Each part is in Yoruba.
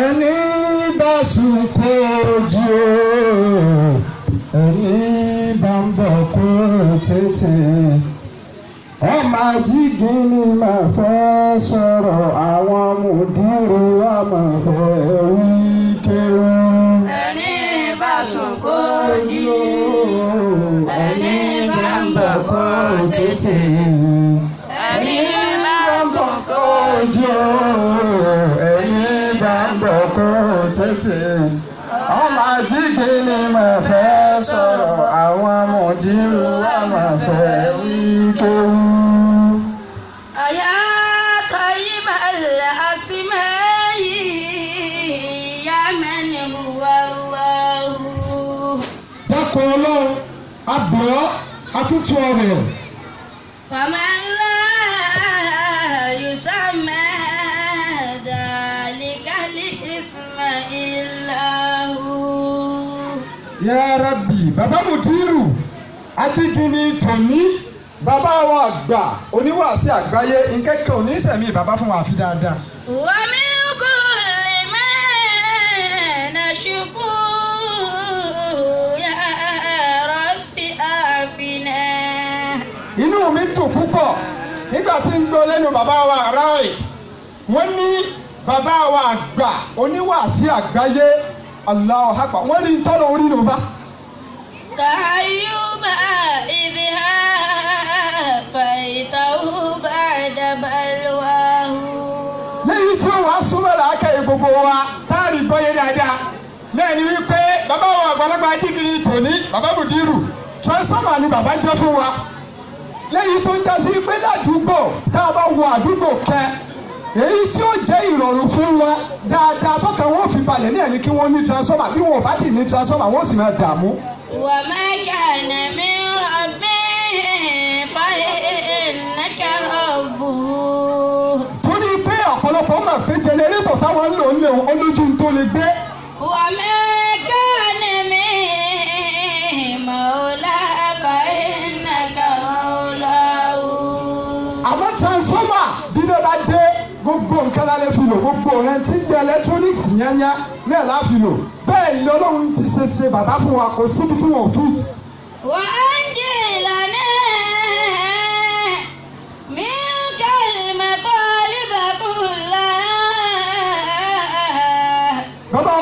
ẹni bá sunkún ojú o ẹni bá ń bọ̀ kó tètè ọmọ ajígin ni màá fẹ́ sọ̀rọ̀ àwọn mùdúró àmọ̀ fẹ́ wí kéré. ẹni bá sunkún ojú o ẹni bá ń bọ̀ kó tètè ẹni bá sunkún ojú o tètè. Ọmọ àjíkì ni mà fẹ́ sọ̀rọ̀ àwọn mùdírù wà mà fẹ́ wí kéwú. Àyà tọ́ yí máa lè àsìmẹ́ yìí, ìyá mẹ́ni wà wá wù. Dákun ọlọ́run, a bọ̀ ọ́, a tún tún ọ̀rẹ́. Màmá. bàbá Mùdírù Ajígini tòní bàbá wa àgbà oníwàásí àgbáyé nkẹ́kẹ́ òní sẹ̀mí baba fún wa àfi dáadáa. wàmí kò lè mẹ́rin ṣubú yàrá fi àfinà. inú mi dùn púpọ̀ nígbà tí ń gbọ́ lẹ́nu bàbá wa ráì wọ́n ní bàbá wa àgbà oníwàásí àgbáyé aláwọ̀ hápà wọ́n ní tọ́lọ̀ orí nù bá. تحيما إذ فيته بعد بلواه lẹ́yìn tí wàá súnmọ́ làákà ìgbogbo wa táàrí gbọ́yé dáadáa náà ni wípé bàbá wa àgbàlagbà jíkiri tòní bàbá bùdírù transformer ni bàbá jẹ́ fún wa lẹ́yìn tó ń jásí pé ládùúgbò tá a bá wọ àdúgbò kẹ èyí tí ó jẹ́ ìrọ̀rùn fún wa dáadáa tọ́ka wọn wọ́n fi balẹ̀ ní ẹni kí wọ́n ní transformer bí wọn ò bá ti ní wọ́n sì máa dààmú وما كان من ربه فإنك ربه torí pé ọ̀pọ̀lọpọ̀ máa fi jẹnẹrétọ̀ táwọn ń lò ń lè olójú tó lè gbé. àmọ́ transformer bí ló bá dé gbogbo nǹkan lálẹ́ fi lò gbogbo rẹ̀ ti jẹ́ electronics yẹn yẹn náà láfi lò. bẹ́ẹ̀ ni ọlọ́run ti ṣe ṣe bàbá fún wa kò síbi tí wọ́n bàbá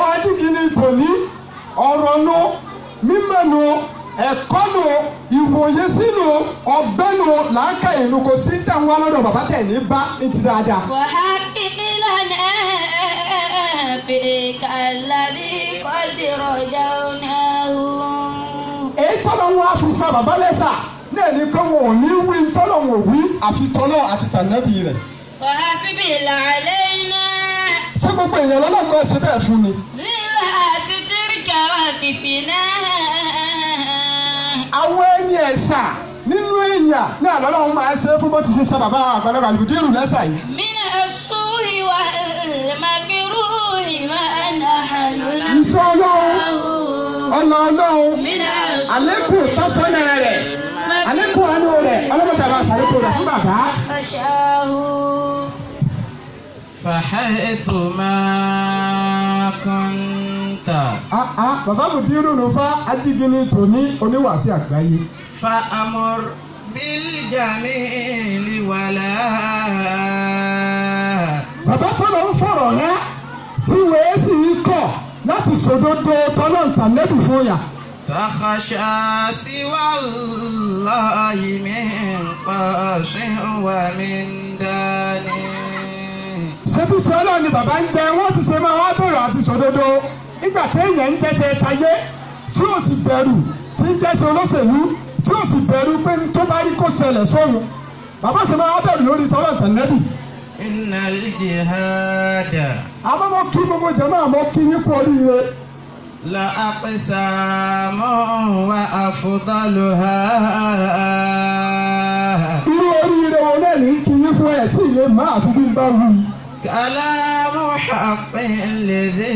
wa tòní ọ̀rọ̀ nu mímọ̀ nu ẹ̀kọ́ nu ìwòye nu làákàyè nu kò sí dáhùn bàbá tẹ̀ ní bá ní ti dáadáa. á ربك الذي قد رجوناه. èyí tọ́lọ̀ wọn á fi sa bàbá lẹ́sà náà ni pé wọn ò ní wí tọ́lọ̀ wọn ò wí àfi tọ́lọ̀ àti tànàbí rẹ̀. wàhásíbì làálẹ́ iná. ṣé gbogbo èèyàn lọ́lọ́mọ ẹ̀sìn bẹ́ẹ̀ fún mi. lílà àti tíríkà wà kìfì nínú èèyàn náà lọ́lọ́run máa ṣe fún bó ti ṣe ṣe bàbá àgbàlagbà àlùbùdírù lẹ́sà yìí. mina ẹ̀sù ìwà ìmàmírù ìmà àlùlá. iṣẹ́ ọlọ́run ọ̀nà ọlọ́run àlékún tọ́sánná rẹ̀ àlékún àánú rẹ̀ ọlọ́mọṣẹ́ àbá àṣàlékún rẹ̀ fún bàbá. فحيث ما كنت. bàbá àlùbùdírù nù fa ajígini tòní oníwàásí àgbáyé. فأمر بالجميل ولا bàbá tọ́lọ̀ ń fọ̀rọ̀ rẹ́ tí wèé sì ń kọ̀ láti سوى الله من قاش ومن دان. ṣebí sọ́lá ni bàbá ń jẹ wọ́n ti ṣe máa wá bẹ̀rù àti ṣòdodo nígbà téèyàn ń jẹ́sẹ̀ tayé tí ó sì bẹ̀rù tí ń jẹ́sẹ̀ olóṣèlú tí ó sì bẹ̀rù pé tó bá rí kó ṣẹlẹ̀ sóhun bàbá sì máa bẹ̀rù lórí tọ́lá tẹ̀lẹ́bì. innal jihada. àmọ́ mo kí gbogbo jàmá àmọ́ kí yín kú oríire. la aqsamu wa afdaluha. irú oríire wo náà ní kí yín fún ẹ̀ tí ilé máa fi bí bá wù. kàlámù haqqin lèdè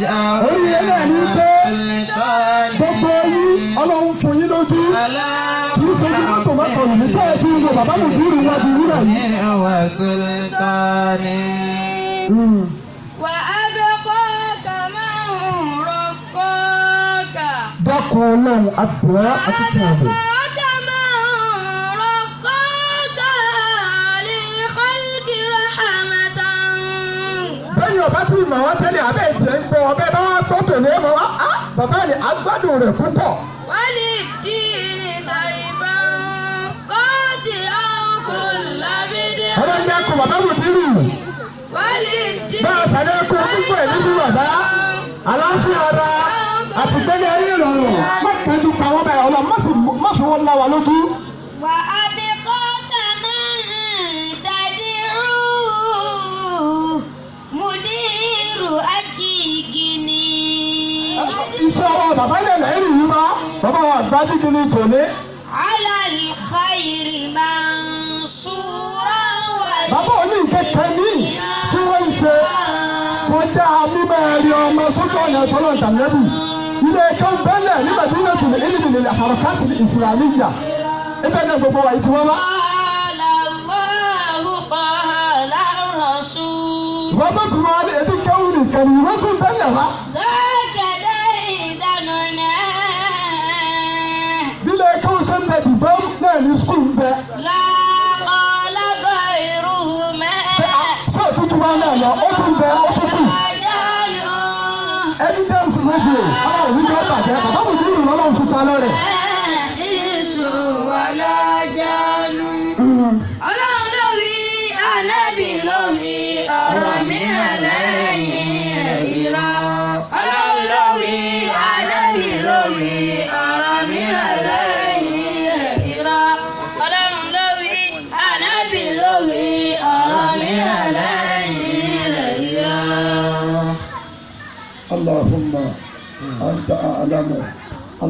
jà. oríire náà ní pé gbogbo yín ọlọ́run fún yín lójú kì í ṣojú mọ́tò mọ́tò yìí tẹ́ ẹ ti ń wo bàbá mi dúró wá ti wúrà yìí. wà hmm. á dọ́kọ́ àti tààbù. ọba tí ìmọ̀ wọn tẹ́lẹ̀ abẹ́ ìtẹ̀ ń gbọ́ ọbẹ̀ bá wọn gbọ́ tòun mọ́ wá ah, bàbá rẹ̀ agbádùn rẹ̀ púpọ̀ ọlọ́run jẹ́ kó bàbá mùtírù bá a sàdé kó púpọ̀ ẹ̀ nínú bàbá aláṣẹ ara àtìgbẹ́lẹ̀ ayé ìrọ̀rùn má kẹ́jú pa wọ́n báyìí ọlọ́run má sì wọ́n lá wa lójú. wàá iṣẹ́ ọwọ́ bàbá ilẹ̀ lẹ́yìn yìí wá bàbá wa àgbà dídì ní tòní. alali khairi mansura wà ní. bàbá òní kẹkẹ ní tí wọ́n ń ṣe kọjá mímọ ẹ̀rí ọmọ sójú ọ̀nà ìtọ́lọ̀ ìtàlẹ́bù ilé ẹ̀kọ́ bẹ́lẹ̀ nígbà tí ilé tòlẹ̀ ìlú ìlẹ̀ àròkátì ìsìlámíyà ibẹ̀ náà gbogbo wa ìtì wọ́n wá. bàbá tó ti wọ́n á ní ebi kẹ́wù nìkan ìwé tún bẹ́lẹ̀ wá. dáàkẹ́ ṣe ń bẹ dìbò náà ní skul bẹ. láàkọ́ lábọ̀ irú mẹ́. ṣé òtútù máa ń dà lọ ó tún bẹ ó tún kù. evidence radio aláwọ̀ nígbà bàjẹ́ bàbá mi kúrò lọ́wọ́ fún ta lọ́rẹ̀.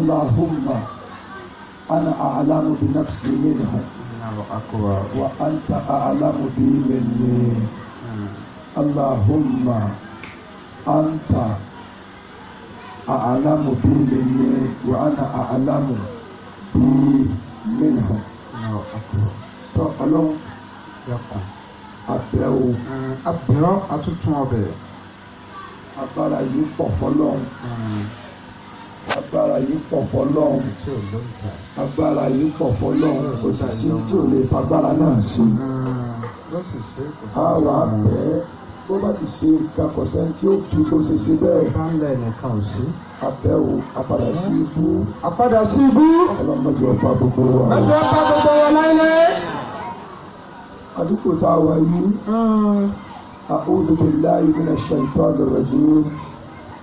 اللهم أنا أعلم بنفسي منه وأنت أعلم بي مني اللهم أنت أعلم بي مني وأنا أعلم بي منه tọ́kọ̀lọ́ àbẹ̀wò àbẹ̀rọ̀ àtúntún ọbẹ̀ agbára yìí pọ̀ fọlọ́run agbára yìí pọ̀ fọlọ́run agbára yìí pọ̀ fọlọ́run kò sì sí tí ò lè fagbára náà ṣe àwọn abẹ́ bó bá sì ṣe kakọ̀sẹ́ tí ó fi bó ṣe ṣe bẹ́ẹ̀. bá ń lẹ nìkan ò sí. abẹ́ o apadà sí ibú. apadà sí ibú. ọlọ́mọdé ọba gbogbo wa. mẹ́jọ ọba gbogbo wa láyé. àdúgbò tá a wà yìí. Ah. a'udhu billahi minash shaitanir rajim.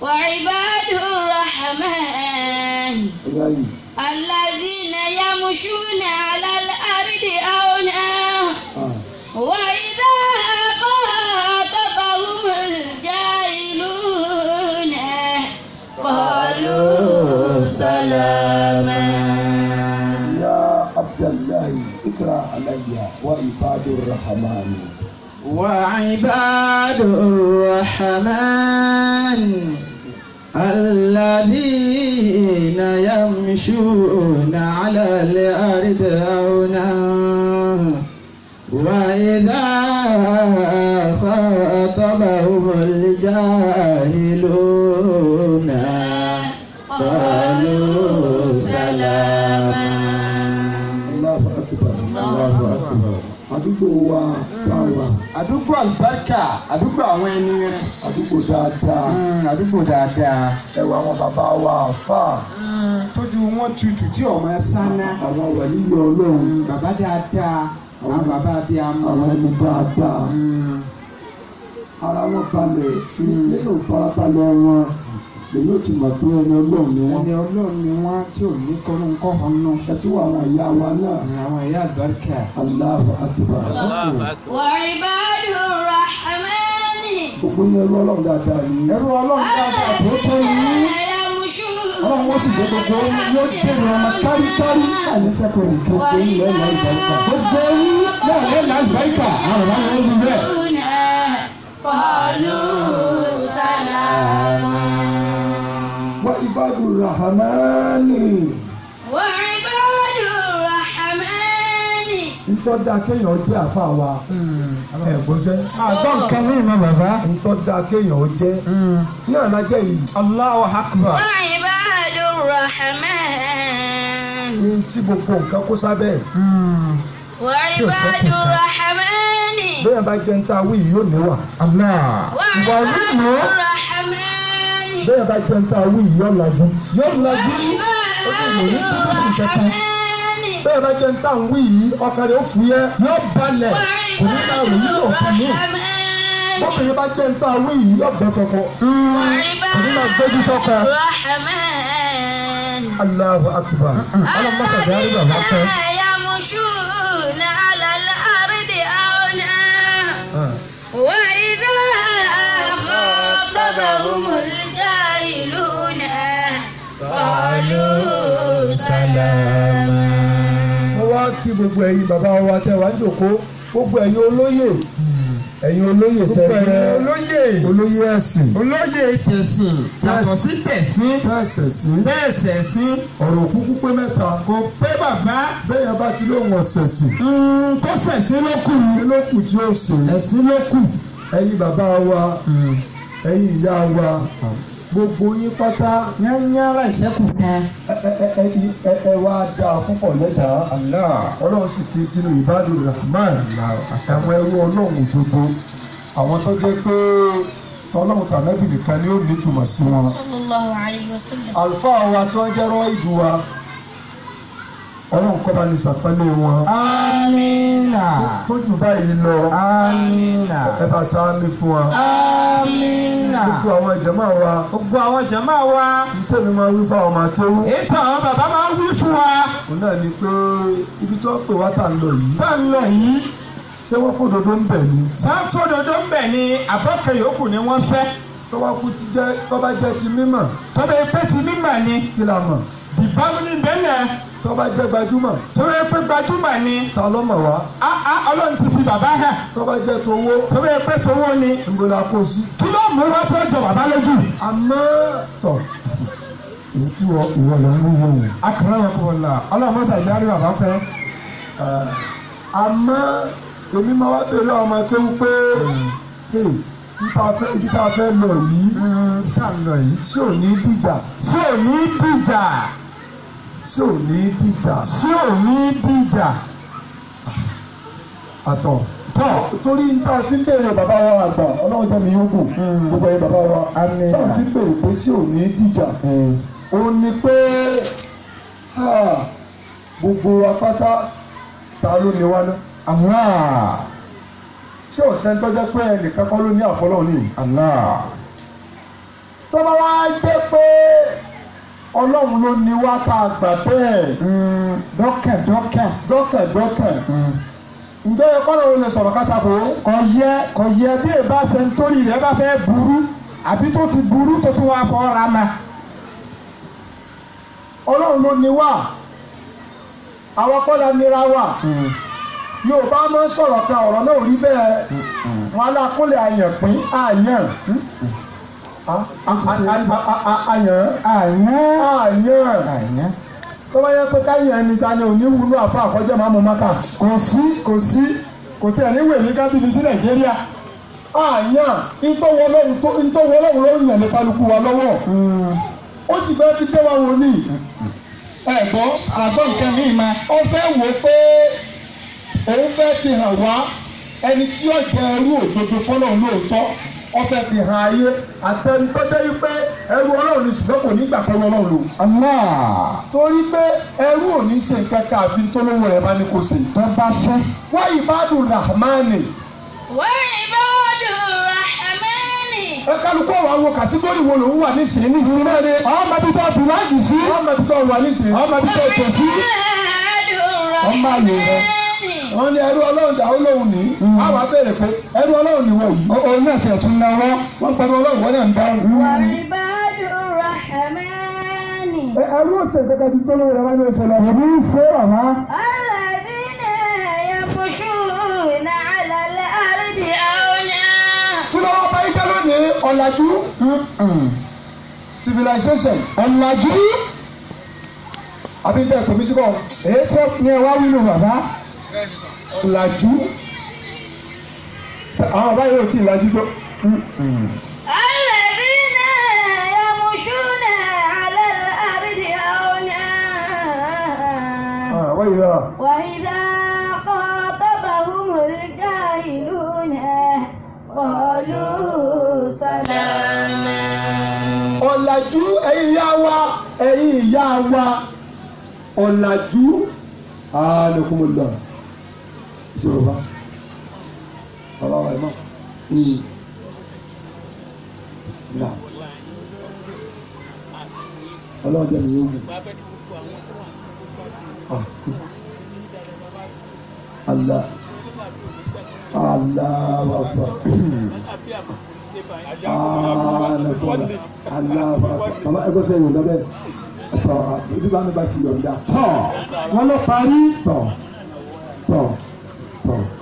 وعباد الرحمن الذين يمشون على الأرض أونا آه. وإذا خاطبهم الجاهلون قالوا سلاما يا عبد الله اقرأ علي وعباد الرحمن وعباد الرحمن الذين يمشون على الأرض هونا وإذا خاطبهم الجاهلون قالوا سلاما الله أكبر الله أكبر àdúgbò àlùbáríkà àdúgbò àwọn ẹni rẹ. àdúgbò dáadáa. Hmm, àdúgbò dáadáa. ẹwà àwọn bàbá wa àfà. Hmm, tójú wọn tutù tí ọmọ ẹ sáná. àwọn wàlí yọ Ọlọ́run. Hmm, bàbá dáadáa àwọn bàbá bíi amọ. àwọn ẹni dáadáa. ara wọn balẹ̀ nínú ìfarabalẹ̀ wọn èyí ò ti mọ̀ pé ẹni ọlọ́run ni wọ́n. ẹni ọlọ́run ni wọ́n tí ò ní kọ́nú ń kọ́ hàn nù. ẹ tún wọ àwọn ìyá wa náà. àwọn ìyá àlùbáríkà. Allahu akbar. wa ibadu rahmani. òkú ni ẹrú ọlọ́run dáadáa ni. ẹrú ọlọ́run dáadáa tó tó ní. ọlọ́run wọ́n sì jẹ́ gbogbo yóò dèrò ọmọ káríkárí. àní sẹ́kọ̀rì gbogbo ẹni lẹ́yìn àlùbáríkà. gbogbo ẹni lẹ́yìn rahman. wà á ibadu rahman. ntọ́ da kéèyàn jẹ́ àfa wa. Hmm. ẹ gbọ́ sẹ́. àgbọ̀n kẹ́lí ma bàbá. ntọ́ da kéèyàn jẹ́. Hmm. náà lajẹ́ yìí. Allahu akbar. wà ibadu rahman. ní ti gbogbo nǹkan kó sábẹ́. ibadu rahman. bẹ́ẹ̀ bá jẹ́ ń ta wí yóò níwà. Allah. wà á ibadu rahman bẹ́ẹ̀ bá jẹ́ nta wí yóò lajú yóò lajú ó ní ìròyìn tó bá sì kẹta bẹ́ẹ̀ bá jẹ́ nta wí yìí ọkàn rẹ̀ ó fúyẹ́ yóò balẹ̀ kò ní ká ròyìn yóò kàn mí bọ́kùnrin bá jẹ́ nta wí yìí yóò bẹ̀ tọkọ hmm. kò ní ká gbẹ́jú sọ́kọ. Allahu akbar. Alamasa jari baba kan. هم الجاهلون قالوا سلاما kí gbogbo ẹ̀yin bàbá wa tẹ́ wá jòkó gbogbo ẹ̀yin olóyè ẹ̀yin olóyè tẹ́ jẹ́ olóyè olóyè ẹ̀sìn olóyè tẹ̀sìn yàtọ̀ sí tẹ̀sìn tẹ̀sẹ̀sìn tẹ̀sẹ̀sìn ọ̀rọ̀ kúkú pé mẹ́ta kò pé bàbá bẹ́yẹn bá ti lóun ọ̀sẹ̀sìn kó hmm, sẹ̀sìn ló kù ẹ̀sìn tí ó sè ẹ̀sìn ló kù bàbá wa. Hmm ẹ̀yin ìyá wa gbogbo yín pátá. yányán láìsẹ́kù náà. ẹ ẹ wá da púpọ̀ lẹ́dà. ọlọ́run sì fi sínú ìbádùn rahman àtàwọn ẹrú ọlọ́run òdodo àwọn tó jẹ́ pé ọlọ́run tàbí nìkan ni ó ní ìtumọ̀ sí wọn. àlùfáà wa tí wọ́n jẹ́ rọ́ ìdùwà ọlọ́run kọ́ bá ní sàpẹ́lẹ̀ wọn. amina. tó jù báyìí lọ. amina. ẹ bá sáámi fún wa. amina. gbogbo àwọn jàmá wa. gbogbo àwọn jàmá wa. ntẹ́mi máa wí fún àwọn máa kéwú. ètò àwọn bàbá máa wí fún wa. òun náà ni pé ibi tí wọ́n pè wá tà ń lọ yìí. tà ń lọ yìí. ṣé wọ́n fòdodo ń bẹ̀ ni. sáfòdodo ń bẹ̀ ni àbọ̀kẹ́ yòókù ni wọ́n fẹ́. tọ́wá kú ti jẹ́ tọ́ba ni. kí the family bẹ́ẹ̀ tó bá jẹ́ gbajúmọ̀. tó yẹ pé gbajúmọ̀ ni. ta ló mọ̀ wá. a a ọlọ́run ti fi bàbá hàn. tó bá jẹ́ tówó. tó yẹ pé tówó ni. nbọ la kó sí. kí ló mú wá tó jọ bàbá lójú. àmọ́ tọ̀ èyí tí wọ ìwọ lọ ń wúwo wò. akọ̀rọ̀ yẹn kò la ọlọ́run mọ́sá ìdí àríwá bá fẹ́. àmọ́ èmi máa wá tẹ̀lé ọmọ tó ń pé hmm. ibi tá a fẹ́ lọ yìí. Hmm, ibi tá a lọ yìí. tí ò ní dìjà. tí ò ní dìjà tí ò ní dìjà. tí ò ní dìjà. àtọ̀ tọ. torí nípa tí ń bèrè bàbá wa àgbà ọlọ́run jẹ́ mi yóò kù hmm. gbogbo ẹ̀ bàbá wa sáà tí ń bèrè pé sí òní dìjà hmm. ó ní pé gbogbo apáta ta ló ní wá ná. ṣé ọ̀sẹ̀ ń tọ́jọ́ pé ẹnìkan kọ́ ló ní àfọlọ́ọ̀ni. tọ́ba wa jẹ́ pé ọlọ́run ló ní wá tá a gbà bẹ́ẹ̀. dọ́kẹ̀dọ́kẹ̀. Mm, dọ́kẹ̀dọ́kẹ̀ mm. ǹjẹ́ ẹ kọ́nà wo lè sọ̀rọ̀ kátàkó. kò yẹ kò yẹ bí ẹ bá ṣe ń torí rẹ bá fẹ́ burú àbí tó ti burú tó tún wá fọ́ ra ma. ọlọ́run ló ní wá àwọn kọ́lá nira wà mm. yorùbá máa ń sọ̀rọ̀ kan ọ̀rọ̀ náà rí bẹ́ẹ̀ wọn alákólé àyànpín àyàn àyàn. àyàn. àyàn tọ́wọ́ yẹ pé káyọ̀ ẹni ta ni òní wúlò àfọ àkọ́jọ́ máa mú mọ́ta. kò sí kò sí kò tí ẹ̀ ní wèmí ká bíbi sí nàìjíríà. àyàn ah, ntọ́wọ́ lọ́hùn ló yàn ní kálukú wa lọ́wọ́. Hmm. ó sì fẹ́ fi tẹ́wà wò ní. ẹ̀gbọ́n àgbọ̀ nǹkan mi ma ọ fẹ́ wò pé òun fẹ́ fi hàn wá ẹni tí ó jẹ ẹrú òdodo fọlọ́run lóòótọ́ ọfẹ́ fi hàn ayé àtẹnudọ́jọ́ yìí pé ẹrú ọlọ́run ni ṣùgbọ́n kò ní gbà pé ọlọ́run lò. torí pé ẹrú ò ní ṣe nǹkan kan àfi tó lówó rẹ̀ bá ní kó ṣe. tó bá fẹ́. wá ìbádùn rahmani. wá ìbádùn rahmani. ẹ kálukú ọ̀rọ̀ àwọn kàtígórì wo lòun wà nísìnyí nísìnyí náà ni. ọmọ ibi tó dùn láàjì sí. ọmọ ibi tó wà nísìnyí. ọmọ ibi tó tẹ̀ sí. ọmọ wọ́n ní ẹrú ọlọ́run dà ó lóhùn ní. àwọn hmm. abẹ́rẹ́ pé ẹrú ọlọ́run ni wọ̀ yìí. òun náà tiẹ̀ tún náwó. wọ́n pẹ̀lú ọlọ́run wọ́n náà ń dá. wàrí bá dùn rahmani. ẹrú ọ̀sẹ̀ kẹta ti tó lórí rẹ̀ wọ́n lọ. èmi ń ṣe ọ̀nà. alladhina civilization ọ̀làjú. àbí bẹ́ẹ̀ kò mí sí kọ́. èyí tí ẹ wá wílò bàbá làjú àwọn báyìí ò tí ì làjú tó. الذين يمشون على الأرض ọ̀làjú ẹ̀yin ìyá wa ẹ̀yin ìyá wa ọ̀làjú àlòkùnmọ̀lọ́rọ̀ sí bàbá bàbá wa ẹ mọ yìí nà ọlọ́run jẹ́ mi yóò mú ala ala wa sọ bàbá ẹgbẹ́ sẹ́yìn lọ́bẹ̀ tọ́ ibi bá mi bá ti yọ̀ǹda tọ́ wọ́n lọ parí tọ́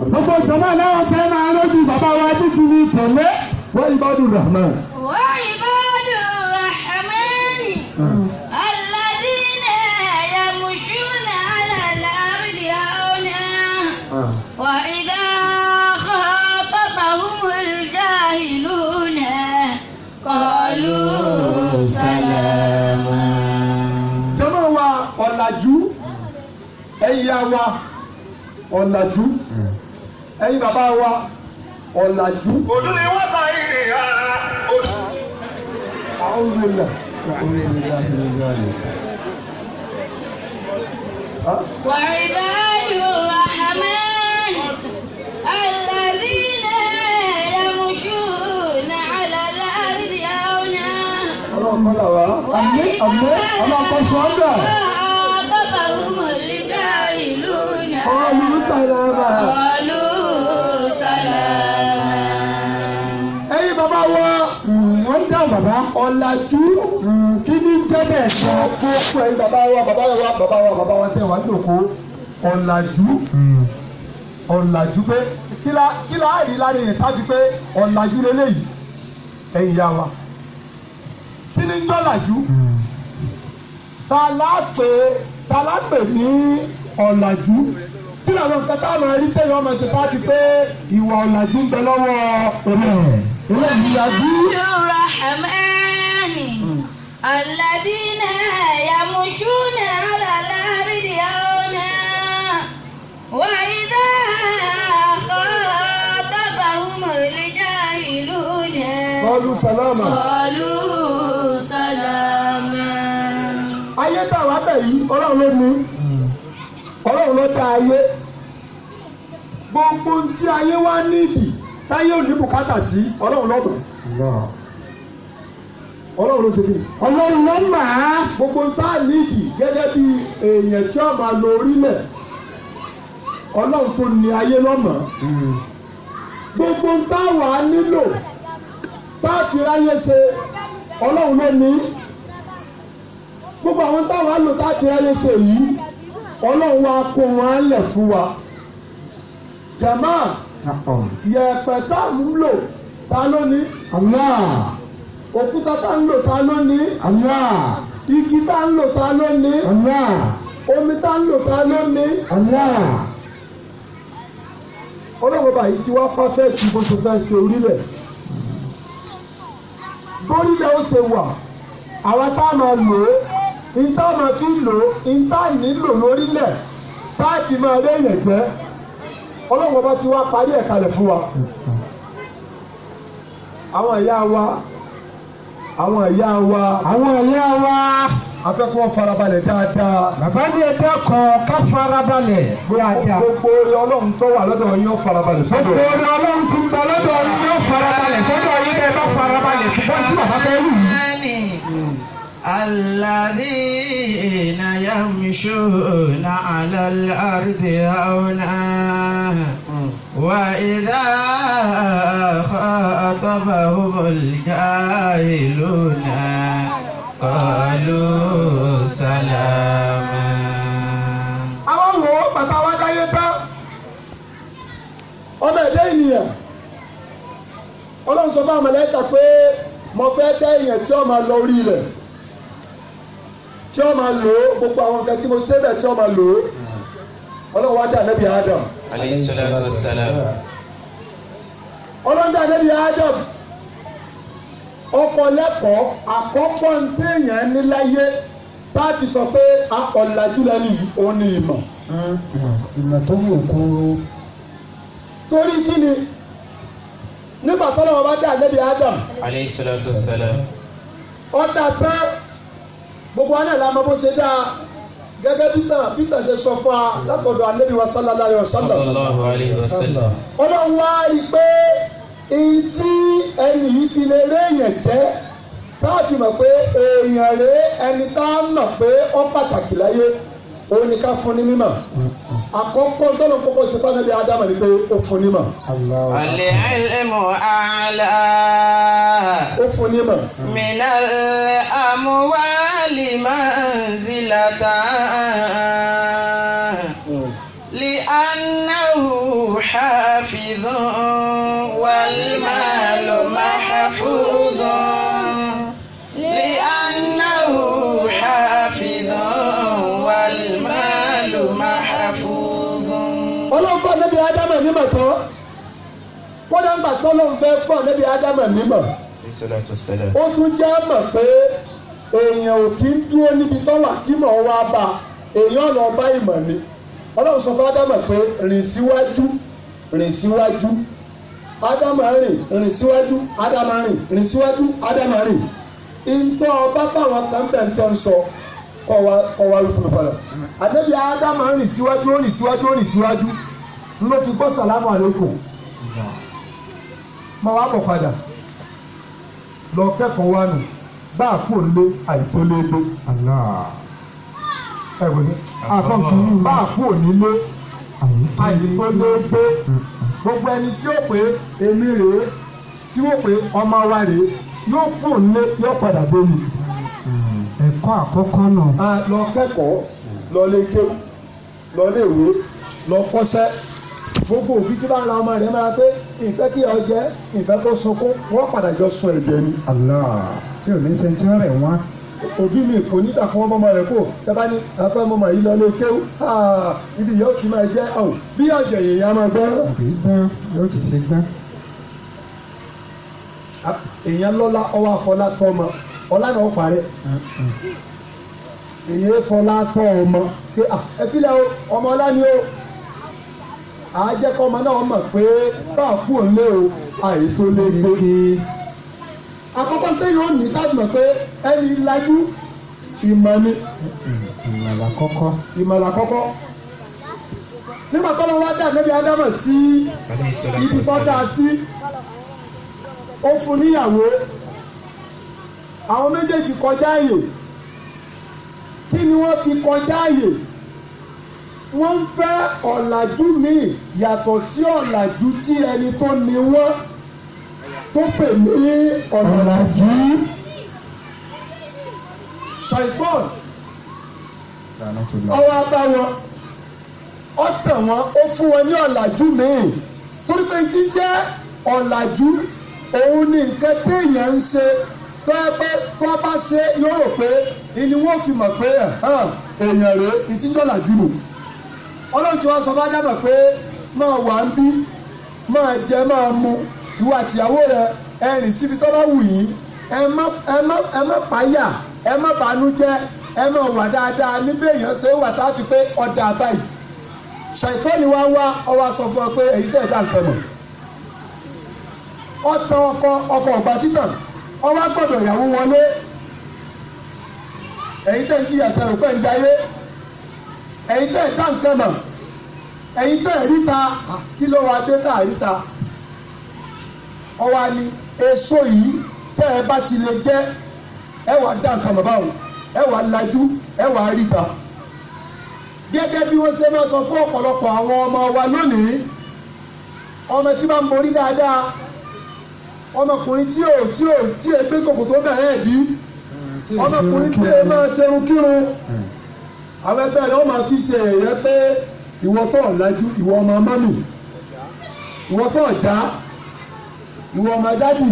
gbogbo jọba aláwọ̀ ṣe máa lójú bàbá wa títí ní tẹ̀lé wọ́n ibadu rahman. wọ́n ibadu rahman. alladina yamushuna ala al-ardi hauna. Ah. wa idha khatabahum al-jahiluna qalu salama. jọba wa ọ̀làjú ẹ̀yà wa ọ̀làjú ẹ̀yin bàbá wa ọ̀làjú. òdú ni wọ́n ah, sọ ìrì ara òdú. àwọn olùlà wà ìbáyọ̀ rahman alàdínà yamushuna àlàlà àríyáwóná. ọlọ́run kọ́lá wa àmì àmì ọlọ́kọ̀ọ́sọ ọ̀dà. bàbá ẹ̀yin bàbá wa mm, wọ́n ń dá bàbá ọ̀làjú mm, kí ní jẹ́ bẹ́ẹ̀ sọ gbogbo ẹ̀yin bàbá wa bàbá wa bàbá wa bàbá wa tẹ̀ wá jòkó ọ̀làjú mm. ọ̀làjú pé kílá kílá àyè lára yẹn tábí pé ọ̀làjú lélẹ́yìí ẹ̀yin yá wa kí ní jẹ́ ọ̀làjú ta la pè ta la pè ní ọ̀làjú kí làwọn nǹkan táwọn ẹni tẹ̀yìn ọmọ ṣe fáàkì pé ìwà ọ̀làjú ń bẹ lọ́wọ́ ọ̀rẹ́ rẹ̀ ọ̀rẹ́ mi làjú. rahmani alladina yamushuna ala laridi auna wa idha khatabahum alijahiluna. qalu salama. qalu salama. ayé tá a wá bẹ̀ yìí ọlọ́run ló ní ọlọ́run ló dá ayé. gbogbo ntí ayé wá nídìí táyé ò ní bùkátà sí ọlọ́run lọ́mọ. ọlọ́run ló ọlọ́run ló mà á. gbogbo ń tá gẹ́gẹ́ bí èèyàn tí orílẹ̀ ọlọ́run tó ayé hmm. gbogbo wà á nílò a fi ráyé ṣe ọlọ́run ló ní gbogbo àwọn táwọn tá a fi ráyé ṣe yìí ọlọ́run wa kó wọn jama yẹ̀pẹ̀ tá à ń lò ta ló ní. òkúta tá à ń lò ta ló ní. igi tá à ń lò ta ló ní. omi tá à ń lò ta ló ní. olóògùn bàyí ti wá pàfẹ́ẹ̀tì bó ṣe fẹ́ ṣe orílẹ̀ bórílẹ̀ ó ṣe wà àwa tá a máa lò ó ìta máa fi lò ó ìta ìnílò lórílẹ̀ táàkì máa réyìn jẹ́ ọlọ́run ọba ti wá parí ẹ̀ kalẹ̀ fún wa àwọn ìyá wa àwọn ìyá wa. àwọn ìyá wa. afẹ́kọ̀ọ́ farabalẹ̀ dáadáa. bàbá ní ẹ̀dá kan ká farabalẹ̀ dáadáa. gbogbo orí ọlọ́run tó wà lọ́dọ̀ yín ó farabalẹ̀ sọ́dọ̀. gbogbo orí ọlọ́run ti ń lọ́dọ̀ yín ó farabalẹ̀ sọ́dọ̀ yín bẹ́ẹ̀ bá farabalẹ̀ ṣùgbọ́n tí bàbá fẹ́ wù yín. الذين يمشون على الأرض هونا وإذا خاطبهم الجاهلون قالوا سلاما àwọn wo bàtà wa dáyé tán ọmọ ẹ̀dá ènìyàn ọlọ́run sọ fún àwọn màláíkà pé mo fẹ́ dá èèyàn tí ó máa lọ orí rẹ̀ tí wọ́n máa lò ó gbogbo àwọn nǹkan tí mo ṣe bẹ̀ tí wọ́n máa lò ó ọlọ́run wá dé ànábì Adam. ọlọ́run dé ànábì Adam ọkọ̀ lẹ́kọ̀ọ́ àkọ́kọ́ ń téèyàn ní láyé bá ti sọ pé ọ̀làjú lẹ́nu òun ni ìmọ̀. ìmọ̀ tó yẹ kóró. torí kí ni nígbà tó lọ́wọ́ bá dé ànábì Adam. aleyhi salatu wa salam. ọ̀dà tán gbogbo alẹ́ la mọ bó ṣe dáa gẹ́gẹ́ bíta bíta ṣe sọ fún wa látọ̀dọ̀ Ànábì wa sallallahu alaihi wasallam. ọlọ́run wá rí i pé ìtí ẹni yìí fi lè réèyàn jẹ́ táàbì mọ̀ pé èèyàn rèé ẹni tá a mọ̀ pé ó pàtàkì láyé òun ni ká fún ní mímọ̀ àkọ́kọ́ tọ́lọ̀ kọ́kọ́ ṣe fún anabi adama ni pé ó fún ní mà. àlẹ́ ẹlẹ́mọ̀ àlá. ó fún ní mà. manzilata. Hmm. li annahu hafidhun wal malu mahfudhun. ọlọ́run kọ́ níbi ádámà nímọ̀ tán kódà ń gbà tó lóun fẹ́ fọ́ níbi ádámà nímọ̀ ó tún jẹ́ mọ̀ pé èèyàn ò kí ń dúró níbi tọ́wà kí mọ̀ wá bá èèyàn lọ bá ìmọ̀ ni ọlọ́run sọ fún ádámà pé rìn síwájú rìn síwájú ádámà rìn rìn síwájú ádámà rìn rìn síwájú ádámà rìn ìtọ́ ọba báwọn kan bẹ̀ ń tẹ́ ń sọ kọ́ wa kọ́ wa ló fún mi padà àtẹ́bí ádámà rìn síwájú ó rìn síwájú ó rìn síwájú ló fi gbọ́ sàlámù àlékún mọ wá bọ̀ padà lọ kẹ́kọ̀ọ́ wa nù bá a kúrò lé àìtó lébe ẹ̀wọ̀n àkọ́kùnrin bá a kúrò nílé àìtó lébe gbogbo ẹni tí ó pé èmi rèé tí ó pé ọmọ wa rèé yóò kúrò nílé yóò padà bómi. ẹ̀kọ́ àkọ́kọ́ náà. lọ kẹ́kọ̀ọ́ lọ lé kéwù lọ lé ìwé lọ kọ́ṣẹ́ gbogbo òbí tí bá ń la ọmọ rẹ̀ máa pé ìfẹ́ kí ọ ìfẹ́ kó sunkún wọ́n padà jọ sun ẹ̀jẹ̀ ni. Allah tí ò ní sẹ́ńtì rẹ̀ wọ́n. òbí mi kò nígbà fún ọmọ rẹ̀ kò tẹ́bá ní afẹ́ ọmọ yìí lọ lókè ó ah, ibi yóò ti máa jẹ́ ọ̀ bí ọ̀jẹ̀ yìnyín á máa gbọ́. òbí gbọ́n yóò ti ṣe gbọ́n. èèyàn lọ́lá ọwọ́ àfọlá tọ́ ọmọ ọlá náà parẹ́ mm-hmm. èèyàn fọlá tọ́ ọmọ ẹ àjẹkọ́ ọmọ náà mọ̀ pé bá a kú òlé o àìtó lé gbé. àkọ́kọ́ sẹ́yìn ó ní tábìlì mọ̀ pé ẹni lajú ìmọ̀ ni. ìmọ̀lá kọ́kọ́. ìmọ̀lá kọ́kọ́. nígbà tó lọ́wọ́ dà níbi ádámọ̀ sí ibi tó dáa sí ó fún níyàwó àwọn méjèèjì kọjá àyè kí ni wọ́n fi kọjá àyè wọ́n ń fẹ́ ọ̀làjú míì yàtọ̀ sí ọ̀làjú tí ẹni tó ni wọ́n tó pè ní ọ̀làjú. ṣàìtọ́n ọwọ́ abá wọn ó tàn wọ́n ó fún wọn ní ọ̀làjú míì torí pé tí jẹ́ ọ̀làjú òun ni nǹkan téèyàn ń ṣe tó bá tó bá ṣe yóò rò pé ìní wọn fi mọ̀ pé èèyàn rèé ìtìjọ́làjú nù. ọlọ́run ti wá sọ fún ádámà pé máa wà ń bí máa jẹ máa mu ìwọ àtìyàwó rẹ ẹ síbi tó bá wù yín ẹ má ẹ má ẹ má wà dáadáa èèyàn ṣe wà tá a fi pé ọ̀dà báyìí ṣàìtọ́ni wá wá ọwọ́ fún ọ pé èyí tẹ̀ dá nǹkan mọ̀ ọkọ ọkọ títàn ọwọ́ gbọ́dọ̀ ìyàwó wọlé èyí tẹ̀ ń sẹ́rù pẹ́ ń ẹ̀yin tẹ́ ẹ̀ dá nǹkan ríta kí ló wa dé tá à ríta ọwọ́ ni èso yìí tẹ́ ẹ bá ti lè jẹ ẹ wàá dá báwọn ẹ wàá lajú ẹ ríta gẹ́gẹ́ bí wọn ṣe máa ọ̀pọ̀lọpọ̀ àwọn ọmọ wa lónìí bá borí dáadáa ọmọkùnrin tí ò tí ò tí ò gbé kòkòtò bẹ̀rẹ̀ ọmọkùnrin àwọn ẹgbẹ́ rẹ̀ wọ́n máa fi ṣe ẹ̀yẹ pé ìwọ tó ọ̀làjú ìwọ ọmọ mọ́mì ìwọ tó ọ̀já ìwọ ọmọ dádì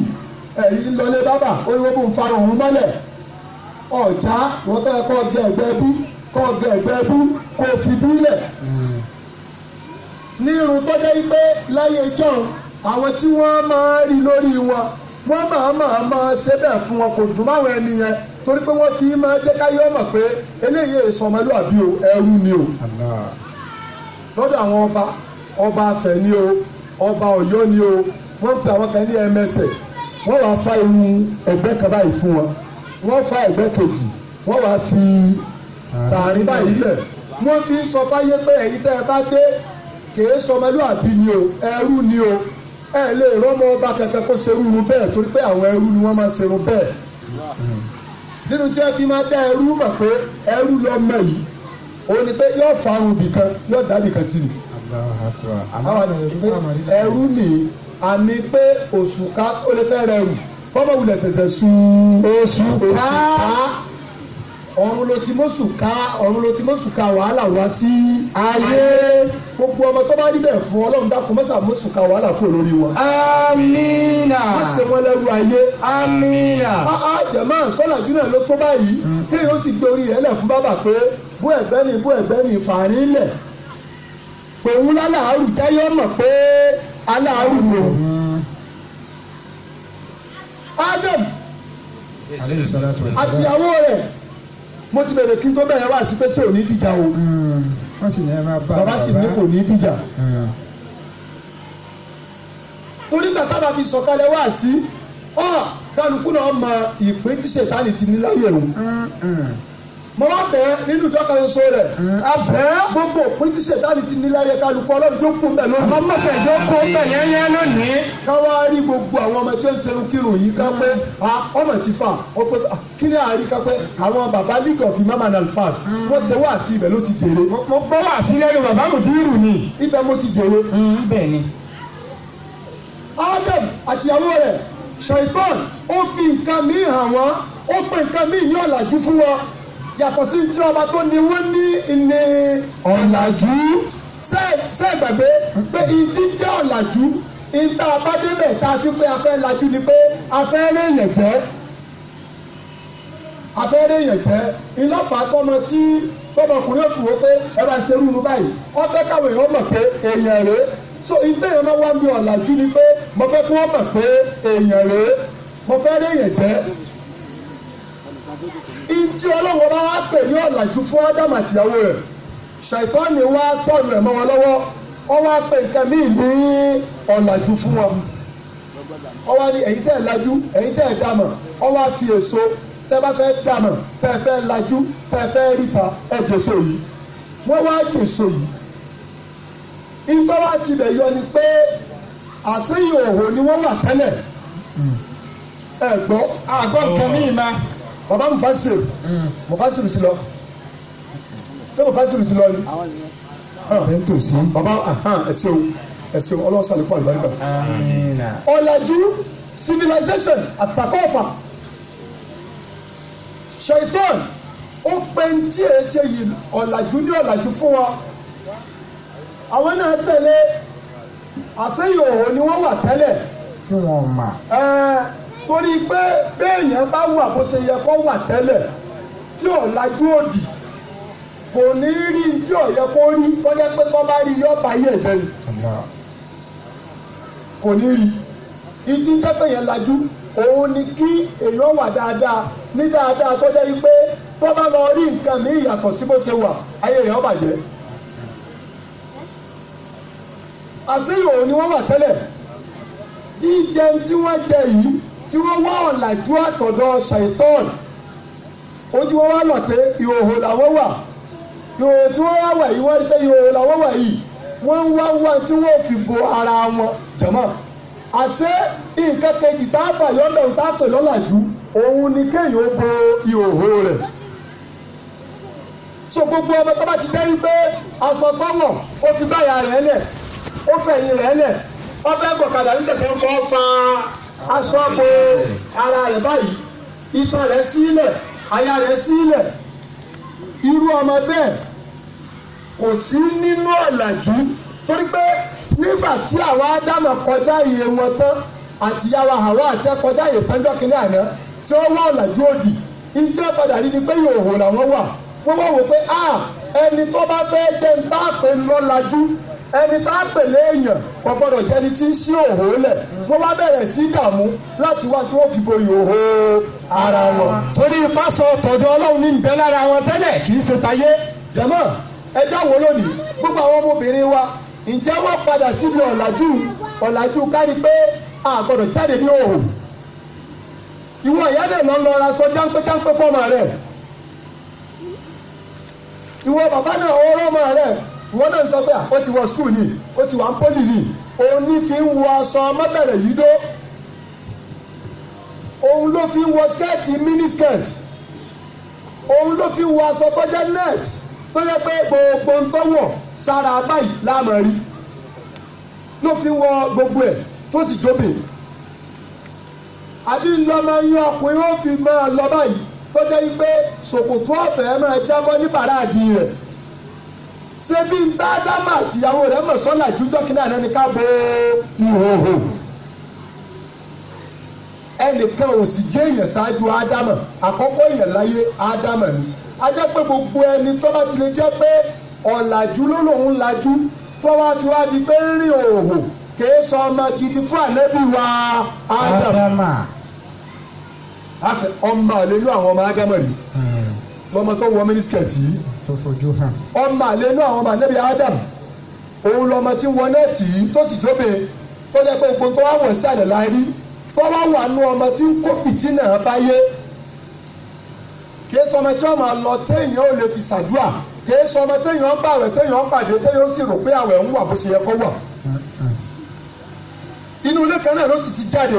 ẹ̀rí lọlé bábà olówó bó ń fa òun mọ́lẹ̀ ọ̀já ìwọ tó yẹ kọ́ gẹ ẹgbẹ́ bú kọ́ gẹ ẹgbẹ́ bú kó o fi bílẹ̀ ní irun tó jẹ́ pé láyé jọ̀hún àwọn tí wọ́n máa rí lórí wọn wọ́n máa máa máa ṣe bẹ́ẹ̀ fún wọn kò dùn máwọn ẹni yẹn torí pé wọ́n fi máa jẹ́ káyọ́ mọ̀ pé eléyìí èso ọmọlúwàbí o ẹrú ni o lọ́dọ̀ àwọn ọba ọba afẹ ni o ọba Ọ̀yọ́ ni o wọ́n pe àwọn kan ní ẹmẹsẹ wọ́n wàá fa irun ẹgbẹ́ kan báyìí fún wọn wọ́n fa ẹgbẹ́ kejì wọ́n wàá fi tààrin báyìí lẹ̀ wọ́n ti ń sọ fáyé pé ẹ̀yin tẹ́ ẹ bá dé kèé sọmọlúwàbí ni o ẹrú ni o ẹ lè rọ́mọ ọba kẹ̀kẹ́ kó ṣerú irun bẹ́ẹ̀ torí pé àwọn ẹrú ni wọ́n máa ṣerú bẹ́ẹ̀ nínú tí wọ́n fi máa dá ẹrú mọ̀ pé ẹrú lọ́mọ yìí òun ni pé yóò farun bìkan yóò dá bìkan sí ni. ẹrú ni àmì pé òṣùká ó lè fẹ́ rẹrù bọ́bọ̀ wulẹ̀ ṣẹ̀ṣẹ̀ sùn. òṣùká ọ̀run ló ti mọ́sù ká ọ̀run ló ti mọ́sù ká wàhálà wá sí ayé gbogbo ọmọ tó bá rí bẹ́ẹ̀ fún ọlọ́run dákun mọ́sà mọ́sù ká wàhálà kúrò lórí wọn. amina. má ṣe wọn lẹ́rú ayé. amina. áá jẹ̀mọ́ sọ́làjú náà ló tó báyìí kéèyàn sì gbé orí lẹ̀ fún bàbá pé bó ẹ̀gbẹ́ ni bó ẹ̀gbẹ́ ni fàárí lẹ̀ pòun lálàárù jáyọ́ mọ̀ pé aláàárù lòun. àti ìyàwó rẹ̀ mo ti bẹ̀rẹ̀ kí n tó bẹ̀rẹ̀ wá sí pé ṣé ò ní dìjà o. Hmm. wọ́n sì ní ẹ máa bá bàbá sì ní kò ní dìjà. Hmm. torí bàbá bá fi sọ̀kalẹ̀ wá sí ọ̀ kálukú náà mọ ìpín tí ṣètánì ti ní láyé òun. Hmm, mo wá bẹ́ẹ̀ nínú ìjọba ìṣó rẹ̀ hmm. abẹ́ gbogbo òpin tí ṣètàlì ti nílẹ̀ ayẹ kálukú ọlọ́run tó kún bẹ̀ lónìí. ọmọ mọ̀sẹ̀ tó kún bẹ̀ yẹn yẹn lónìí. káwá rí gbogbo àwọn ọmọ tí ó ń serun kírun yìí ká pé hmm. ah, ọmọ ti fà ọ pé ah, kí ni àárí ká pé àwọn bàbá league of imam and alfas hmm. wọ́n ṣe wá sí ibẹ̀ ló ti jèrè. mo gbọ́ wá sí lẹ́nu bàbá mi dírù ni. ibẹ̀ mo ti jèrè. bẹ́ẹ̀ ni. adam àtìyàwó rẹ̀ ṣàìtàn ó fi nǹkan míì yàtọ̀ sí tí ọba tó ni wọ́n ní ní ọ̀làjú sẹ́ẹ̀gbàgbé pé ìdí jẹ́ ọ̀làjú ìta abádébẹ̀ tá a fi pé a fẹ́ lajú ni pé a fẹ́ rí èèyàn jẹ́ a fẹ́ rí èèyàn jẹ́ ìlọ́pàá tọmọ tí tọmọkùnrin òfin wo pé ẹ bá ṣe báyìí wọ́n fẹ́ káwọn mọ̀ pé èèyàn rèé so ìtẹ̀yàn máa wá mi ọ̀làjú ni pé mo fẹ́ kí wọ́n mọ̀ pé èèyàn rèé mo fẹ́ rí èèyàn jẹ́ Ìjì ọlọ́wọ́ bá wá pè ní ọ̀làjú fún Ádámù àtìyàwó rẹ̀. Ṣàìtọ́nì wá tọ́nu ẹ̀ mọ́ wọn lọ́wọ́. Wọ́n wá pè nǹkan míì ní ọ̀làjú fún wọn. Wọ́n wá ní ẹ̀yin tẹ́ ẹ̀ lajú, ẹ̀yin tẹ́ ẹ̀ dàmọ̀. Wọ́n wá fi èso tẹ́ bá fẹ́ dàmọ̀, tẹ́ fẹ́ lajú, tẹ́ fẹ́ ríta, ẹ̀ jèso yìí. Wọ́n wá jèso yìí. Ìtọ́ wá ti bẹ̀ yọ ni pé àṣeyìn òhò ni wọ́n wà tẹ́lẹ̀. Ẹ gbọ́, àgọ́ nǹkan míì máa bàbá mufasiru hmm. mufasiru ti lọ ṣé mufasiru ti lọ ni bàbá ẹ ṣeun ẹ ṣeun ọlọ́run sàlékún àlùbáríkà ọ̀làjú civilization àtàkọ́ọ̀fà shaitan ó pe ń tí ẹ ṣe yìí ọ̀làjú ní ọ̀làjú fún wa àwọn náà tẹ̀lé àṣeyọ̀ òhò ni wọ́n wà tẹ́lẹ̀ tí wọ́n mà. torí pé béèyàn bá wà bó ṣe yẹ kó wà tẹ́lẹ̀ tí ò lajú òdì kò ní rí tí ò yẹ kó rí tó jẹ́ pé kó bá rí bá ni kò ní rí ìdí tẹ́pẹ̀ yẹn lajú òun ni kí èèyàn wà dáadáa ní dáadáa tó jẹ́ ni wọ́n wà tẹ́lẹ̀ jíjẹ tí wọ́n tí wọ́n wá ọ̀làjú àtọ̀dọ̀ ṣàìtọ́n ojú wọn wá lọ pé ìhòòhò làwọn wà ìhòòhò tí wọ́n wá wà yìí rí ìhòòhò làwọn yìí wọ́n wá wá tí wọ́n fi bo ara wọn jẹ̀mọ́ àṣé nǹkan kejì tá a bà yọ̀ǹda tá a pè òun ni kéèyàn ó fi báyà rẹ̀ lẹ̀ ó aṣọ ara rẹ̀ báyìí itan rẹ̀ sílẹ̀ aya rẹ̀ sílẹ̀ irú ọmọ bẹ́ẹ̀ kò sí nínú ọ̀làjú torí pé nígbà tí àwọn ádámọ̀ kọjá iye wọn tán àti yàrá àwọn àti ẹkọjá iye pẹ́ńjọ́ kínní àná tí wọ́n wá ọ̀làjú òdì iṣẹ́ padà rí ni pé yòòhò làwọn wà wọ́n wò pé ah, ẹni tó bá fẹ́ ẹni tá a pè léèyàn kò gbọ́dọ̀ tí ń sí òhò lẹ mo wá bẹ̀rẹ̀ sí dààmú láti wá tí wọ́n fi bo ìhòhò ara wọn. torí pásọ tọ̀dọ̀ ọlọ́run ní lára wọn tẹ́lẹ̀ kì í ṣe tayé. wo lónìí gbogbo àwọn ọmọbìnrin wa padà síbi kárí pé a jáde ní òhò. ìwọ ìyá lọ lọ ra sọ jáńpé jáńpé ìwọ bàbá náà wọn náà sọ pé ó ti wọ skul ni ó ti wà ń pọ́lì ni òun ní fi ń wọ aṣọ mọ́bẹ̀rẹ̀ yìí dó òun ló fi ń wọ skẹ́ẹ̀tì miniskirt òun ló fi ń wọ aṣọ kọjá net tó yẹ pé gbogbo ń tọ́wọ̀ sára báyìí láàmú rí ló fi wọ gbogbo ẹ̀ tó sì jóbìn àbí ńlọmọ yín ọkùnrin ó fi máa lọ báyìí tó jẹ́ pé ṣòkòtò ọ̀fẹ́ máa jábọ́ ní fàràdì rẹ̀ ṣé bí n bá dámà àtìyàwó rẹ̀ mọ̀ sọ́là ju dọ́kítà náà ní ká bo ìhòòhò ẹnìkan ò sì jẹ́ èèyàn ṣáájú ádámà àkọ́kọ́ èèyàn láyé ádámà ni a jẹ́ pé gbogbo ẹni tó bá ti lè jẹ́ pé ọ̀làjú ló lòun lajú tó wá ti wá di pé ń rìn òòhò kìí sọ ọmọ gidi fún àlẹ́bí wa ádámà ọmọ àlejò àwọn ọmọ ádámà rí hmm. lọ́mọ tó wọ mínísítẹ̀tì yìí tó fojú hàn. ọmọ àlè àwọn ọmọ àlẹ́bí Adam òun lọmọ tí wọn náà tì í tó sì jóbe tó jẹ́ pé gbogbo tó wà wọ̀ sàlẹ̀ la rí tó wà wà nú ọmọ tí ń kó fìtínà báyé kìí sọmọ tí wọn máa lọ téèyàn ò lè fi ṣàdúrà kìí sọmọ téèyàn bá àwẹ̀ téèyàn pàdé téèyàn sì rò pé àwẹ̀ ń wà bó ṣe yẹ kó wà inú ilé kan náà ló sì ti jáde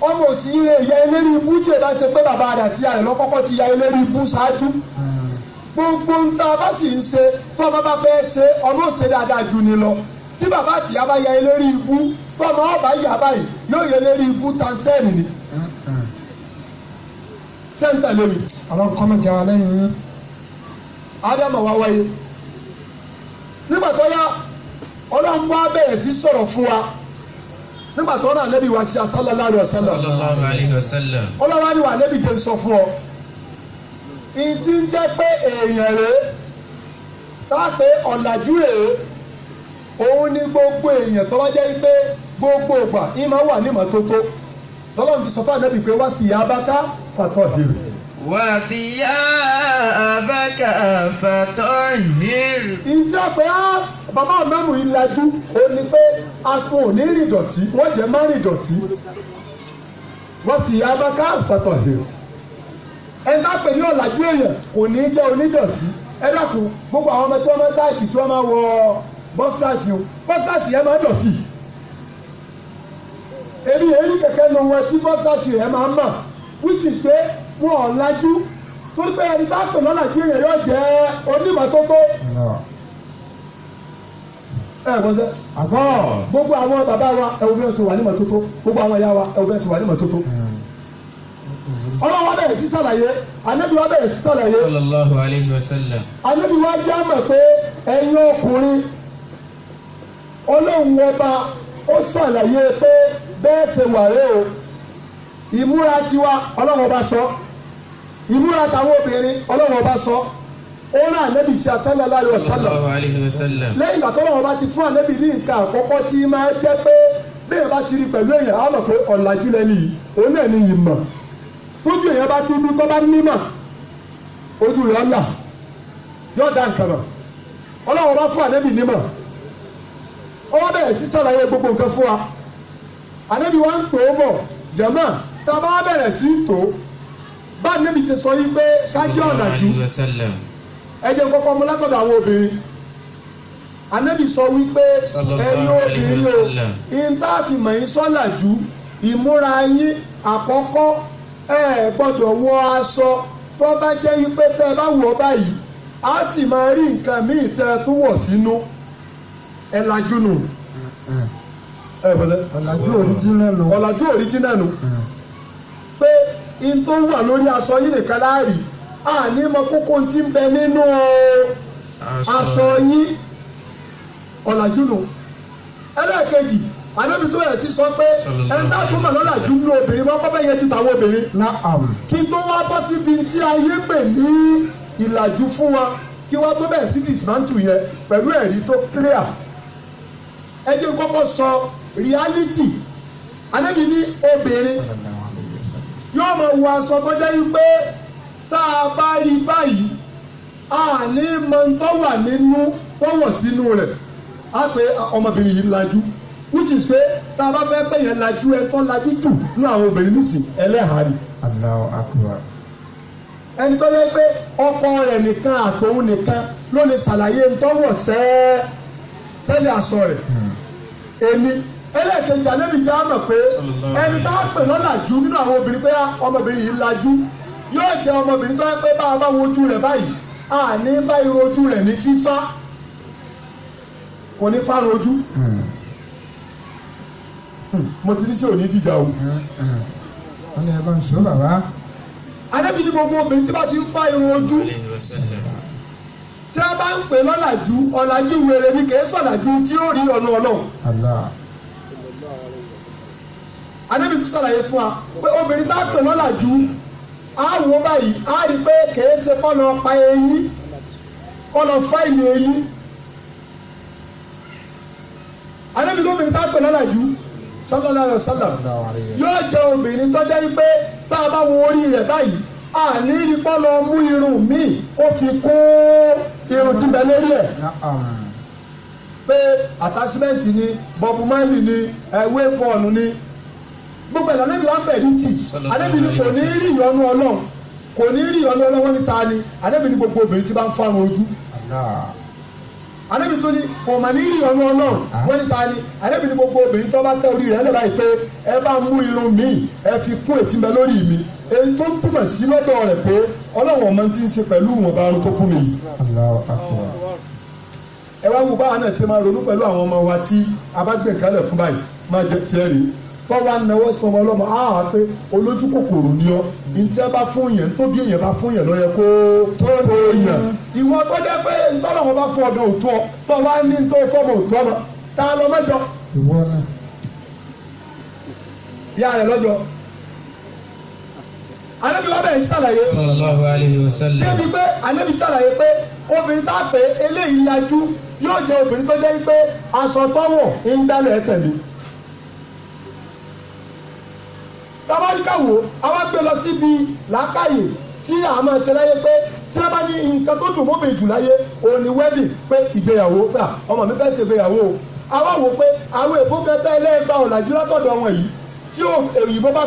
ọmọ òsì yẹ eléri ibú tí èèyàn ṣe pé bàbá rẹ̀ àti ìyá rẹ̀ lọ́kọ́kọ́ ti ya eléri ibú ṣáájú. Hmm gbogbo ń tá a bá sì ń ṣe tó ọmọ bá fẹ́ ṣe ọmọ ò ṣe dáadáa ju ni lọ tí bàbá àtìyá bá ya eléré ikú bọ́mọ ọba yà báyìí yóò ya eléré ikú tanzania ni. sẹ́ńtà lórí. àwọn kọ́mọ jà wá lẹ́yìn yín. ádámù wá wáyé nígbà tó yá ọlọ́run wá bẹ̀rẹ̀ sí sọ̀rọ̀ fún wa nígbà tó rán àlẹ́bí wa sí sallallahu alaihi wasallam. sallallahu alaihi ọlọ́run wá ní wà àlẹ́bí jẹ́ sọ fún ọ. ìdí ń jẹ́ pé èèyàn rèé pe ọ̀làjú ni gbogbo èèyàn tó je pé gbogbo ìgbà ìmọ̀ wà ní ìmọ́tótó lọ́lọ́run ti sọ fún ànábì pé wá sí abáká fàtọ́ hìrì. wà á ti yá abáká fàtọ́ hìrì. ìjọ pé á bàbá mẹ́mú ìlàjú ó ní pé aṣọ ò ní rìn dọ̀tí wọ́n jẹ́ ẹni tá a pè ní ọ̀làjú èèyàn kò ní jẹ́ onídọ̀tí ẹ dákun gbogbo àwọn ọmọ tí wọ́n máa ń táàkì tí wọ́n máa wọ bọ́ksàsì o bọ́ksàsì yẹn máa ń dọ̀tí èmi èrí kẹ̀kẹ́ nu wọn tí bọ́ksàsì yẹn máa ń mọ̀ which is pé wọn ò lajú torí pé ẹni tá a pè ní ọ̀làjú èèyàn yóò jẹ́ onímọ̀tótó ẹ gbọ́ sẹ́. àbọ̀. gbogbo àwọn bàbá wa ẹ̀wù bí wọ́n ṣe wà ní mọ́tótó gbogbo àwọn ìyá wa ẹ̀wù bí wọ́n ṣe wà ní hmm. ọlọ́wọ́ bẹ̀rẹ̀ sí sàlàyé anabi wa bẹ̀rẹ̀ sí sàlàyé. sallallahu alayhi wa sallam. anabi wa jẹ́ àmọ̀ pé ẹ̀yin ọkùnrin ọlọ́run ọba ó sàlàyé pé bẹ́ẹ̀ ṣe wà rẹ o ìmúra tiwa ọlọ́run ọba sọ ìmúra tàwọn obìnrin ọlọ́run ọba sọ ó rán ànábì sí sallallahu alayhi wa lẹ́yìn ìgbà tọ́lọ́run ọba ti fún ànábì ní nǹkan àkọ́kọ́ tí máa jẹ́ pé bẹ́ẹ̀ bá ti rí pẹ̀lú èèyàn á mọ̀ ọ̀làjú lẹ́nu yìí òun náà ní ìmọ̀ bójú èèyàn bá dúdú tó bá nímọ̀ ojú rẹ̀ yà yóò dá nǹkan mọ̀ ọlọ́wọ́ bá fún ànẹ́bì nímọ̀ ọwọ́ bẹ̀rẹ̀ sí sàlàyé gbogbo nǹkan fún wa ànẹ́bì wa ń tò ó bọ̀ jẹ̀mọ́ tá a bá bẹ̀rẹ̀ sí tò ó bá ànẹ́bì ṣe sọ yìí pé kájọ́ ọ̀nà jù ẹ jẹ́ kọ́kọ́ mu látọ̀dọ̀ àwọn obìnrin ànẹ́bì sọ wípé ẹ̀yin obìnrin o ìntàfìmọ̀ yín sọ́là jù ìmúra yín àkọ́kọ́ ẹ gbọdọ wọ aṣọ tó bá jẹ́ wípé tẹ́ ẹ bá wọ̀ báyìí a sì máa rí nǹkan míì tẹ ẹ tó wọ sínú ẹ lajú nù. ọ̀làjú òríjínà nù. ọ̀làjú nù. pé tó wà lórí aṣọ yìí nìkan láàrì a ní mọ kókó tí ń bẹ nínú aṣọ yìí ọ̀làjú nù. ẹlẹ́ẹ̀kejì. ànábì tó bẹ̀rẹ̀ sí sọ pé ẹni tá a tó mọ̀ lọ́la jù ní obìnrin bọ́ kọ́ bẹ́ẹ̀ yẹn ti tàwọn obìnrin. kí tó wá bọ́ síbi tí ayé pè ní ìlàjú fún wa kí wá tó bẹ̀rẹ̀ sí dismantle yẹn pẹ̀lú ẹ̀rí tó clear. ẹ jẹ́ kọ́kọ́ sọ reality ànábì ní obìnrin yóò máa wọ aṣọ tó jẹ́ wípé tá a bá rí báyìí a ní mọ̀ ń tọ́wà nínú tọ́wọ̀ sínú rẹ̀ á pé ọmọbìnrin yìí lajú which is pé tá a bá fẹ́ pé yẹn lajú ẹ tọ́ lajú jù ní àwọn obìnrin nísìn ẹlẹ́hàá ni. Allahu akbar. ẹni tó yẹ pé ọkọ rẹ̀ nìkan àtòun nìkan ló lè ṣàlàyé ntọ́wọ̀ sẹ́ẹ́ tẹ́lẹ̀ aṣọ rẹ̀ hmm. èmi ẹlẹ́ẹ̀kejì alẹ́bi jẹ́ àmọ̀ pé ẹni bá pè lọ́làjú nínú àwọn obìnrin pé ah, ọmọbìnrin yìí lajú yóò jẹ́ ọmọbìnrin tó yẹ pé bá a bá wojú rẹ̀ báyìí àní bá irun ojú rẹ̀ ní fífá kò ní fá rojú. Mm mo ti ní sẹ́ òní jíjà o. wọ́n ní ẹ bá ń sọ bàbá. anábì ní gbogbo obìnrin tí bá ti ń fa irun ojú tí a bá ń pè lọ́làjú ọ̀làjú wèrè ni kìí sọ̀làjú tí ó rí ọ̀nà ọlọ́run. anábì tún sàlàyé fún wa pé obìnrin tá a pè lọ́làjú á wò báyìí á rí i pé kìí ṣe fọ́nà pa eyín fọ́nà fáìlì eyín. anábì lóbìnrin tá a pè lọ́làjú sallallahu alaihi wasallam yóò jẹ obìnrin tó jẹ́ pé tá a bá wo orí rẹ̀ báyìí àní ìrìpọ́ lọ mú irun míì ó fi kún irun tí bẹ lórí ẹ̀ pé attachment ni bob marley ni wave form ni gbogbo ẹ̀ lànàbí wọn bẹ̀rù tì ànàbí ni kò ní rí ìyọnu ọlọ́run kò ní rí ìyọnu ọlọ́run wọn ni ànàbí ni gbogbo obìnrin ti bá ń fárun ojú anabi tó ní kò mà ní rí ọ̀nà ọlọ́run ah. wọ́n ní ta ni anabi ní gbogbo obìnrin tó bá tẹ orí rẹ̀ lẹ́bàá yìí pé ẹ bá mú irun mi ẹ fi kún ètí mi lórí mi èyí tó túmọ̀ sí lọ́dọ̀ rẹ̀ pé ọlọ́run ọmọ ti ń ṣe pẹ̀lú ìwọ̀nba arun tó fún mi. ẹ wá wo báwa náà ṣe máa ronú pẹ̀lú àwọn ọmọ wa tí a fún báyìí máa jẹ tiẹ̀ rèé tọ́wọ́ anáwó sọmọ ọlọ́mọ á hàn pé olójú kòkòrò ni ọ ntí bá fún yẹn tóbi bá fún yẹn kó tó ìwọ bá fún ọdọ ọ ní ntọ́ òtún tá a lọ mẹ́jọ. yá rẹ lọ́jọ́ anabi wa bẹ́ẹ̀ ṣàlàyé débi pé anabi ṣàlàyé pé obìnrin tá a eléyìí yóò jẹ obìnrin tó jẹ́ pé aṣọ tọ́wọ̀ tabaríkàwò awa gbé lọ síbi làákàyè tí a máa ṣe láyé pé tí a bá ní nǹkan tó dùn mọ́bẹ̀ jù láyé òun ni wedding pé ìgbéyàwó gbà ọmọ mi fẹ́ ṣe ìgbéyàwó o àwa wò pé àwọn èèbó kẹta ẹlẹ́gbà ọ̀làjú látọ̀dọ̀ wọn yìí tí òyìnbó bá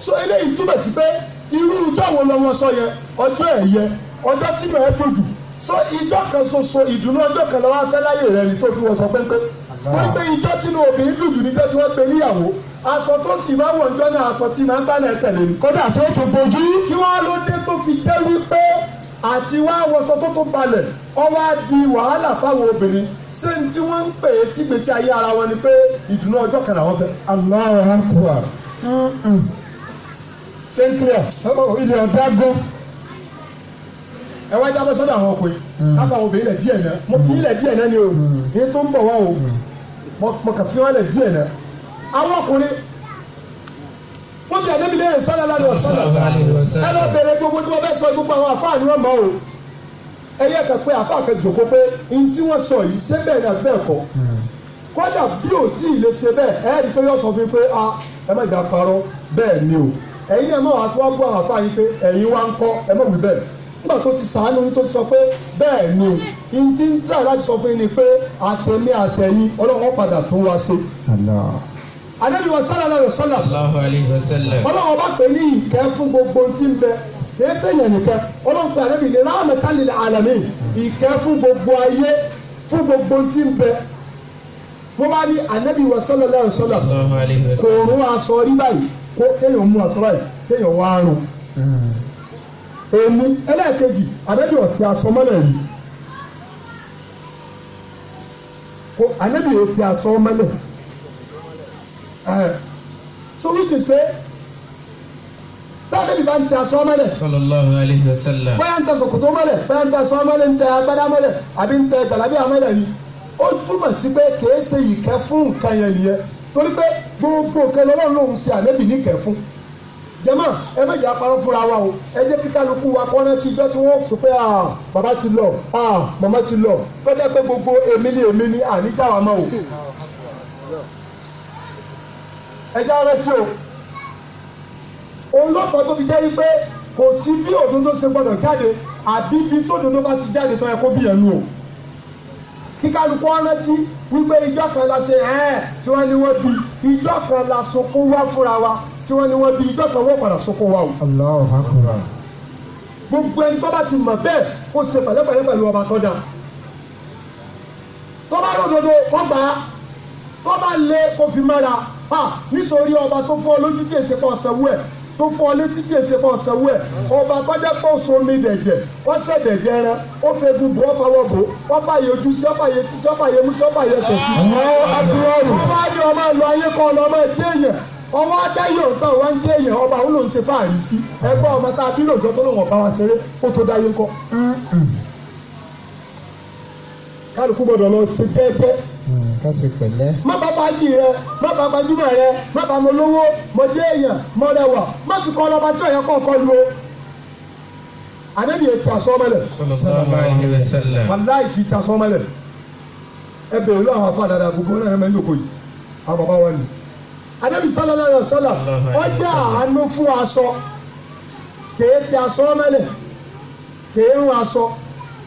sọ so irú ìjọwọ́ lọ́wọ́ sọ yẹ ọjọ́ ẹ̀yẹ ọjọ́ tí bẹ̀rẹ̀ gbòdù so ìjọ kan ṣoṣo ìdùnnú ọjọ́ kan lọ́wọ́ afẹ́ láyé rẹ̀ ni tó fi wọ́n sọ pẹ́ńpẹ́ torí pé ìjọ tínú obìnrin dùdù níjọ́ tí wọ́n pe níyàwó aṣọ tó sì máa wọ̀ níjọ́ náà aṣọ tí máa ń gbálẹ̀ tẹ̀lé ni. kódà tí ó ti bojú. kí wọ́n ló dé tó fi dé wípé àti wá wọṣọ tó tó balẹ̀ ọwọ́ á di wàhálà fáwọn obìnrin ṣé ní tí wọ́n ń pè é sígbésí ayé ara wọn ni pé ìdùnnú ọjọ́ kan làwọn fẹ́. aláwọ̀ á kú à sẹ́ńtírẹ̀ ilẹ̀ ọ̀dágún ẹ wá jábọ́ sọ́dọ̀ àwọn ọkùnrin hmm. káfà àwọn obìnrin lẹ̀ díẹ̀ náà mo fi ilẹ̀ díẹ̀ náà ni o hmm. ní tó ń bọ̀ wá o hmm. mo kàn fi wọn lẹ̀ díẹ̀ náà àwọn ọkùnrin wọ́n bí àdébí lẹ́yìn sọ́dọ̀ aládùn ọ̀sọ́dọ̀ ẹ lọ bèrè gbogbo tí wọ́n fẹ́ sọ gbogbo àwọn àfáà ni wọ́n mọ̀ o ẹ yẹ kàn pé àfáà kan jòkó pé n tí wọ́n sọ yìí ṣé bẹ́ẹ̀ ni àbí bẹ́ẹ̀ kọ́ kódà bí ò tí ì lè ṣe bẹ́ẹ̀ ẹ rí i pé yóò sọ fún mi pé a ah, ẹ má jà parọ́ bẹ́ẹ̀ ni o ẹ̀yin náà má wàá fi wá bú àwọn àfáà yín pé ẹ̀yin wá ń kọ́ ẹ má wí bẹ́ẹ̀ nígbà tó ti sàánú yín tó ti sọ pé bẹ́ẹ̀ ni o yín ti ń tà láti sọ fún yín ni pé àtẹ̀mí àtẹ̀yìn ọlọ́run padà tún wá ṣe. Ànábì wa sallallahu alaihi wasallam. Ọlọ́run ọba pè ní ìkẹ́ fún gbogbo tí ń bẹ kìí sèyàn nìkẹ́ ọlọ́run pè Ànábì ní rahmatal alamin ìkẹ́ fún gbogbo ayé fún gbogbo tí ń bẹ wọ́n bá ní Ànábì wa sallallahu alaihi wasallam kò rún aṣọ rí báyìí kó kéèyàn mú aṣọ báyìí kéèyàn wá rò èmi ẹlẹ́ẹ̀kejì àdébí ọ̀fẹ́ aṣọ mọ́lẹ̀ yìí kó àdébí ọ̀fẹ́ aṣọ mọ́lẹ̀ so which is say tọ́lẹ́bí bá ń tẹ aṣọ mọ́lẹ̀. bóyá ń tẹ ṣòkòtò mọ́lẹ̀ bóyá ń tẹ aṣọ mọ́lẹ̀ ń tẹ agbádá mọ́lẹ̀ àbí ń tẹ gàlábíà mọ́lẹ̀ ni ó túmọ̀ sí pé kèé ṣe ìkẹ́ fún nǹkan yẹn nìyẹn torí pé gbogbo nǹkan lọ́lọ́run lòun ṣe àlébì níkẹ́ fún jẹ́mọ́ ẹ méjì apárọ́ fúnra wa o ẹ jẹ́ kí kálukú wa kọ́ná tí ijọ́ tí wọ́n fi pé ah, bàbá ti lọ ah, màmá ti lọ tọ́jà pé gbogbo èmi ni èmi ni àníjà wa mọ́ o ẹ já rántí o òun ló pọ̀ tó fi jẹ́ wípé kò sí bí òdodo ṣe gbọ́dọ̀ jáde àbí bí tódodo bá ti jáde tó yẹ kó bíyànjú o kí kálukú rántí wípé ìjọ kan la ṣe ẹ̀ẹ́n tí wọ́n ní wọ́n bí ìjọ kan la sunkún wá fúnra wa tí wọ́n ní wọ́n bí ìjọ kan wọ́n padà sunkún wá o. Allahu Akbar. gbogbo ẹni tó bá ti mọ̀ bẹ́ẹ̀ kó ṣe pẹ̀lẹ́pẹ̀lẹ́ pẹ̀lú ọba tó dà tó bá ròdodo kó gbà tó bá lé kó fi mọ́ra nítorí ọba tó fọ́ lójú tí èsì pa ọ̀sẹ̀ ẹ̀ tó fọ́ létí tí èsì fọ́ sanwó ẹ̀ ọba kọjá pọ̀ sómi dẹ̀jẹ̀ wọ́n sẹ̀ dẹ̀jẹ̀ rẹ ó fegun bọ́ fọwọ́ bò wọ́n fàyè ojú sọ́fàyè tí sọ́fàyè mú sọ́fàyè ẹsẹ̀ sí. ọba ni ọmọ ẹ lọ ayé kọ́ ọ lọ ọmọ ẹ dé èèyàn ọwọ́ adáyé ọ̀tá wa ń jẹ́ èèyàn ọba òun lòún ṣe fáàrí sí ẹgbẹ́ ọmọ tá a bí lòjọ́ tó lòun ọ̀bá wa ṣeré kó tó dáyé ńkọ́ kálukú gbọ́dọ̀ lọ sí pẹ́ẹ́pẹ́. Hmm, ká sì pẹ̀lẹ́. má bá bá jì rẹ má bá bá júmọ̀ rẹ má bá mo lówó mo jẹ́ èèyàn mo rẹwà má sì kọ́ lọ́ba tí ọ̀yẹ́ kọ̀ọ̀kan lu o. àdébìyẹ ti aṣọ mẹlẹ. wàláì kì í ti aṣọ mẹlẹ. ẹ bẹ̀rù lọ àwọn afọ àdàdà gbogbo náà ẹ mẹ́jọ kò yìí àwọn bàbá wa ni. àdébìyẹ sálálá yọ sálà ọjà àánú fún aṣọ kèé ti aṣọ mẹlẹ kèé ń aṣọ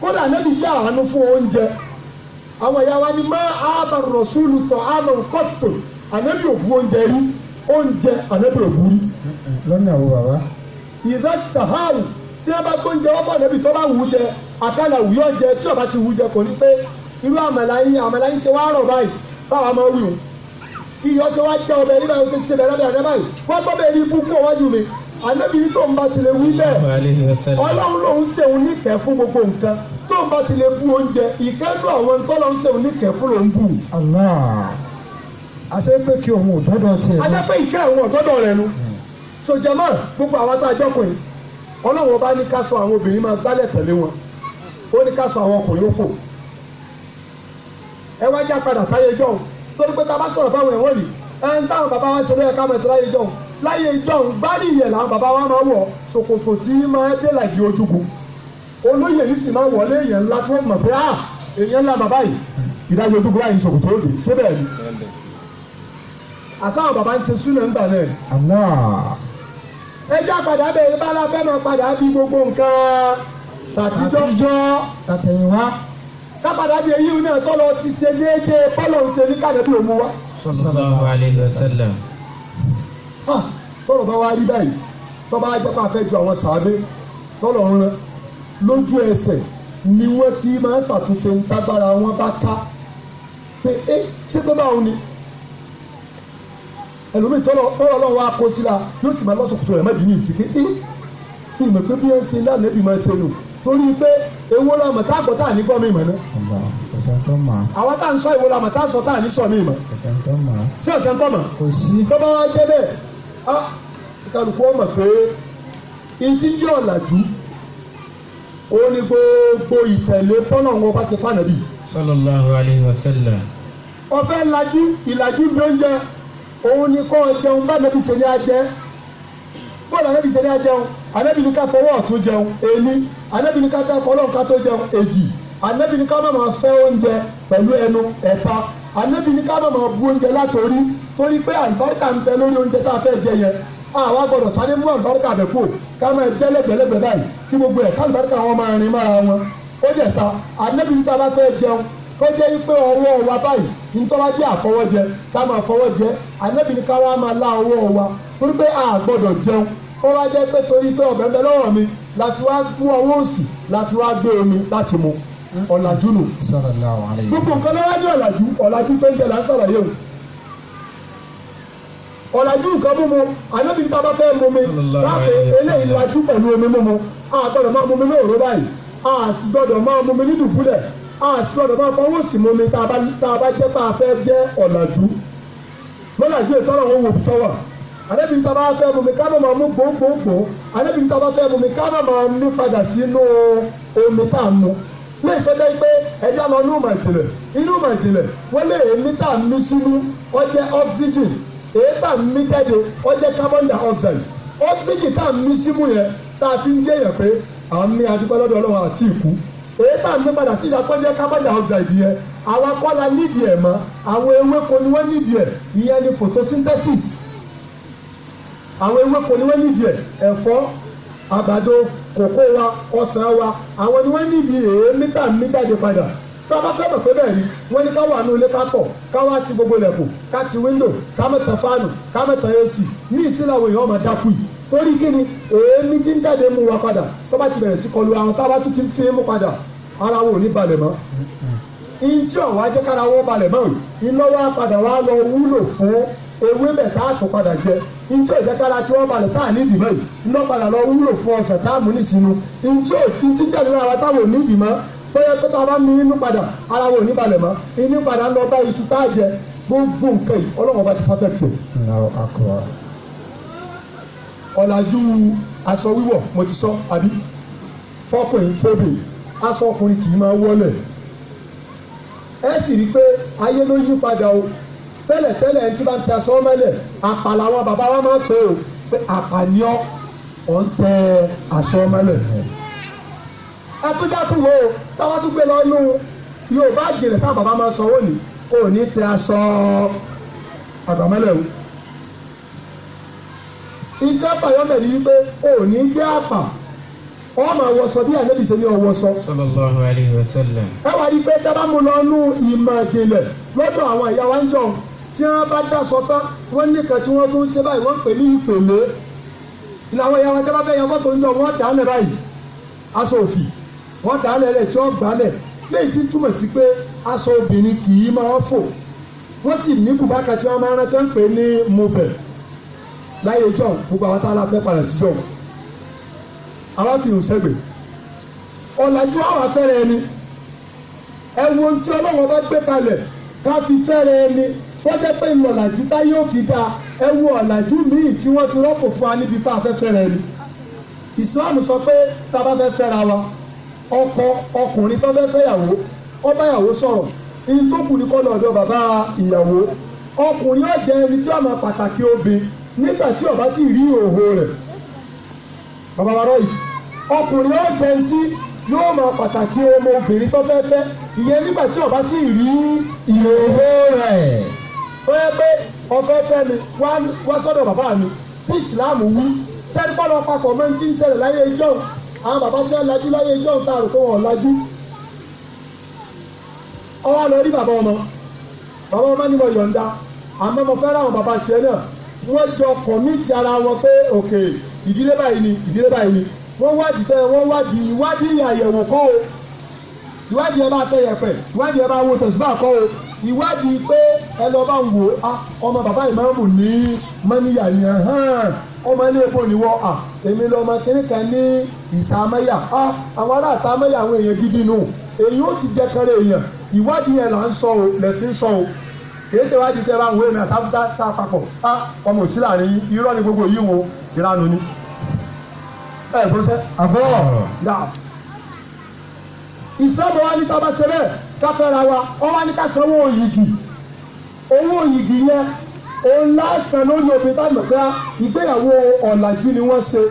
kódà nẹ́bi jẹ́ àánú fún oúnjẹ àwọn ìyá wa ni má àbà rọ̀ṣúlù tọ̀ àmọ̀ kọ́tò ànábì òbu oúnjẹ rí oúnjẹ ànábì òbu rí. lọ́nà wo bàbá. ìdá sahari tí wọ́n bá gbóúnjẹ wọ́n bọ̀ ànábì tó bá wù ú jẹ àkàlà wù yóò jẹ tí ọba ti wù ú jẹ kò ní pé irú àmàlà yín ṣe wá rọ̀ báyìí báwa máa wù ú iyọ̀ ṣe wá jẹ ọbẹ̀ yín báyìí ó ti ṣe bẹ̀rẹ̀ dáadáa báyìí wọ́n gbọ́ bẹ́ẹ̀ ní ibú kú ọwájú àlẹ́bí tó ń bá ti lè wí bẹ́ẹ̀ ọlọ́run ló ń ṣe òun níkẹ́ fún gbogbo nǹkan tó ń bá ti lè bu oúnjẹ ìkẹ́nu àwọn tọ́lọ́ ń ṣe òun níkẹ́ fún ló ń bù. àṣẹ pé kí òun ò dọ́dọ̀ tiẹ̀ lọ. àṣẹ pé ìkẹ́ àwọn ọ̀dọ́dọ̀ rẹ̀ nu. sojama gbogbo àwọn tá a jọkùnrin ọlọ́run ọba ní ká sọ àwọn obìnrin máa gbálẹ̀ tẹ̀lé wọn ó ní ká sọ àwọn ọkùnrin ó fò. ẹ wá já padà sáyé jọ torí pé ẹn táwọn bàbá wa ṣe lóye káàmọ̀ ìṣẹ́láyé jọ̀hún láyé jọ̀hún gbárí ìyẹn làwọn bàbá wa máa wọ̀ ṣòkòtò tí máa dé làjì ojúgun olóyè yìí sì máa wọlé èèyàn ńlá tó mọ̀ pé ah èèyàn ńlá bàbá yìí ìdájọ́ ojúgun báyìí ṣòkòtò òde síbẹ̀ ni àsáwọn bàbá ń ṣe súnà ń bà náà. ẹ já padà bẹ́ẹ̀ bá la fẹ́ máa padà bí gbogbo nǹkan tàtijọ́ tàtẹ̀yìnwá ká padà bí èyí náà kọ́ lọ ti ṣe déédéé bọ́lọ̀ ń ṣe ní kàdébí òmu wa sallallahu alayhi wa sallam. tọ́lọ̀ bá wá rí báyìí tọ́ba ajẹ́pà fẹ́ ju àwọn sàábé tọ́lọ̀ ń rán lójú ẹsẹ̀ ni wọ́n ti máa ń ṣàtúnṣe tágbára wọn bá ká pé ẹ ṣé tó bá òun ni ẹlòmíì tọ́lọ̀ ọlọ́run wa kó sí la yóò sì máa lọ́sọ̀kùtù rẹ̀ mẹ́jì ní ìsìnkú ìmọ̀ pé bí ẹ ṣe lánàá ẹbí máa ṣe nù torí pé ewo la mọ̀ tá a gbọ́ tá a ní gbọ́ mi mọ̀ náà. àwa tá à ń sọ ewo la mọ̀ tá a sọ tá a ní sọ mi mọ̀. sí ọ̀sẹ̀ ń tọ́ mọ̀. tó bá wá jẹ́ bẹ́ẹ̀ á kálukú ọmọ pé ìtí yọ̀ làjú ó ní gbogbo ìtẹ̀lé fọ́nà wọn bá ṣe fànàbí. sallallahu alayhi wa sallam. ọ̀fẹ́ lajú ìlàjú lóúnjẹ òun ni kọ́ jẹun bá nàbí ṣe ní ajẹ́ kọ́ nàbí Ànábì ní ká fọwọ́ ọ̀tún jẹun ení Ànábì ní ká dákọ Ọlọ́run ká tó jẹun èjì Ànábì ní ká má máa fẹ́ oúnjẹ pẹ̀lú ẹnu ẹ̀ta Ànábì ní ká má máa bu oúnjẹ látòrí torí pé àlùbáríkà ń bẹ lórí oúnjẹ tá a fẹ́ jẹ yẹn àwa gbọ́dọ̀ sáré mú àlùbáríkà bẹ̀ kó ká máa jẹ lẹ́gbẹ̀lẹ́gbẹ̀ báyìí kí gbogbo ẹ̀ ká àlùbáríkà wọn máa rin mára wọn ó dẹ̀ ta Ànábì ní ká bá fẹ́ jẹun tó jẹ́ ife ọwọ́ wa báyìí nítorí ajé àfọwọ́jẹ ká máa fọwọ́ jẹ Ànábì ká wá máa lá ọwọ́ wa torí pé a jẹun ó wá jẹ́ pé torí pé ọ̀bẹ bẹ lọ́wọ́ mi láti wá mú ọwọ́ òsì láti wá gbé omi láti mu ọ̀làjú nù. gbogbo nǹkan lọ́wọ́ ní ọ̀làjú ọ̀làjú tó ń jẹ́ là ń ṣàlàyé o ọ̀làjú nǹkan mímu ànábi tí a bá fẹ́ mu mi láàpẹ̀ eléyìí lajú pẹ̀lú omi mímu a gbọ́dọ̀ máa mu mi lóòró báyìí a sì gbọ́dọ̀ máa mu mi ní dùbúlẹ̀ a sì gbọ́dọ̀ máa fọwọ́ sí mu mi tá a bá jẹ́ pé a fẹ́ jẹ́ ọ̀làjú lọ́làjú ètò ọ̀rọ̀ òun wò tọ́wọ̀ ale níta ntaba fẹ́ bomi ká má ma mú gbòǹgbòǹgbò ànábì níta bá fẹ́ bomi ká má máa ní padà sínú omi tá a mú ní ìfẹ́jẹ́ pé ẹja lọ ní ìmọ̀ inú ìmọ̀ wọ́n tá a mí sínú oxygen tá a mí jáde carbon dioxide oxygen tá a mí símú yẹn tá a fi ń jẹ́ yẹn pé à ń mí àti ìkú tá a mí padà sí àwọn ewéko ni wọ́n nídìí ẹ̀ ẹ̀fọ́ àgbàdo kòkó wa ọsàn wa àwọn ni wọ́n nídìí èémí tá mí jáde padà tá a bá fẹ́ mọ̀ pé bẹ́ẹ̀ ni wọ́n ní ká wà ní ilé ká pọ̀ ká wá ti gbogbo ilẹ̀kùn ká ti wíńdò ká mẹ́tàn fáànù ká mẹ́tàn èsì ní ìsílẹ̀ àwọn èèyàn máa dákú yìí torí kí ni èémí ti ń jáde mú wa padà tó bá ti bẹ̀rẹ̀ sí kọlu àwọn tá tún ti fi mú padà ara wo ní balẹ̀ mọ́ ìjọ wa kára wọ́n balẹ̀ mọ́ ìlọ́wọ́ padà wá lọ wúlò fún ewébẹ̀ tá a tún padà jẹ ntí òjẹ́kára tí wọ́n balẹ̀ tá a ní ìdìmọ́ yìí ńlọ padà lọ wúlò fún ọ̀sẹ̀ tá a mú ní sínú ntí ntí jáde lára táwọn ò ní ìdìmọ́ bóyá a bá mi inú padà ara wọn ò ní balẹ̀ mọ́ inú padà a jẹ gbogbo nǹkan yìí sọ àbí tẹ́lẹ̀tẹ́lẹ̀ ẹni tí bá ń tẹ aṣọ mẹ́lẹ̀ àpà làwọn bàbá wa máa ń pè ó pé àpà ni ọ́ ọ̀ ń tẹ aṣọ mẹ́lẹ̀ fún atúndàtúwò táwa tún gbé lọ́nu yorùbá jìnnà táwọn bàbá máa sanwó ni kò ní tẹ aṣọ àgbàmọ́lẹ̀ o ìjẹ́ fàyọ́mẹ̀ ni wípé ò ní jẹ́ àpà ọmọ àwọsọ bí àlejò ṣe ní ọwọsọ. sallallahu alaihi wasallam. ẹ wá rí i pé tábàmù lọ́nu ìmọ̀ ìjìnlẹ̀ lọ́dọ̀ àwọn ìyá wa ń jọ tí wọ́n bá dáṣọ tán wọ́n nìkan tí wọ́n tún ṣe báyìí wọ́n pè ní ìpèlè ìlànà ìyá wọn tẹ́lá bẹ́ẹ̀ yẹn fọ́tò ń jọ wọ́n dà á lẹ̀ báyìí aṣọ òfì wọ́n dà á lẹ̀ lẹ̀ tí wọ́n gbà á lẹ̀ léyìí tí túmọ̀ sí pé aṣọ obìnrin kì í máa fò wọ́n sì ní bùbákà tí wọ́n máa rántí ń pè ní mubẹ̀ láyé ìjọ gbogbo àwọn tá a la fẹ́ padà síjọ aráfihàn sẹ́gbẹ̀ ọ̀làjú àwọn afẹ́rẹ́ ẹni ẹ̀wọ̀n tí ọlọ́wọ́ bá gbé kalẹ̀ ká fi fẹ́rẹ́ ẹni wọ́n jẹ́ pé ìlú ọ̀làjú bá yóò fi dáa ẹ wo ọ̀làjú míì tí wọ́n fi rọ́pò fún wa níbi tá a Islam sọ pé tá a bá fẹ́ fẹ́ra wa ọkọ ọkùnrin tó fẹ́ fẹ́yàwó yàwó sọ̀rọ̀ tó kù ní ọ̀dọ̀ bàbá ìyàwó ẹni tí pàtàkì nígbà tí rí òhò rẹ̀ bàbá wa ó yẹ pé ọ̀fẹ́ fẹ́ mi wá sọ́dọ̀ bàbá mi tí ìsìláàmù wú sẹ́ni bọ́lá papọ̀ mọ́ ti ń ṣẹlẹ̀ láyé ijọ́ àwọn bàbá tí wọ́n lajú láyé ijọ́ tá a rò pé wọ́n lajú ọwọ́ lọ rí bàbá ọmọ bàbá ọmọ ni mo yọ̀ǹda àmọ́ mo fẹ́ràn àwọn bàbá tiẹ̀ náà wọ́n jọ kọ̀míìtì ara wọn pé òkè ìdílé báyìí ni ìdílé báyìí ni wọ́n wádìí fẹ́ wọ́n wádìí ìwádìí àyẹ̀wò kọ́ o ìwádìí ẹ bá tẹ yẹ̀pẹ̀ ìwádìí ẹ bá wo tẹ̀síbà kọ́ o ìwádìí pé ẹ lọ bá ń wò ó ah, ọmọ bàbá ìmáàmù ní mọ́níyà yẹn hàn ọmọ ilé epo ni wọ́n à ah, èmi lọ́mọ kínní kan ní ìtàmẹ́yà á ah, àwọn ará ìtàmẹ́yà àwọn èèyàn gidi nù èyí ó ti jẹ kẹrẹ èèyàn ìwádìí yẹn là ń sọ o lẹ̀sìn sọ o kìí ṣe wádìí tẹ́ bá ń wo èmi àtàfúsá sá papọ̀ á ọmọ òsì láàrin irọ́ ni gbogbo yìí wo ìranù ni. ẹ gbọ́sẹ̀. àbọ̀ ìsìlámù wa ní ká bá ṣe bẹ́ẹ̀ ká fẹ́ra wa wọ́n wá ní ká sanwó òyìgì owó òyìgì yẹn òun lásán lórí obìnrin tá pé ìgbéyàwó ọ̀làjú ni wọ́n ṣe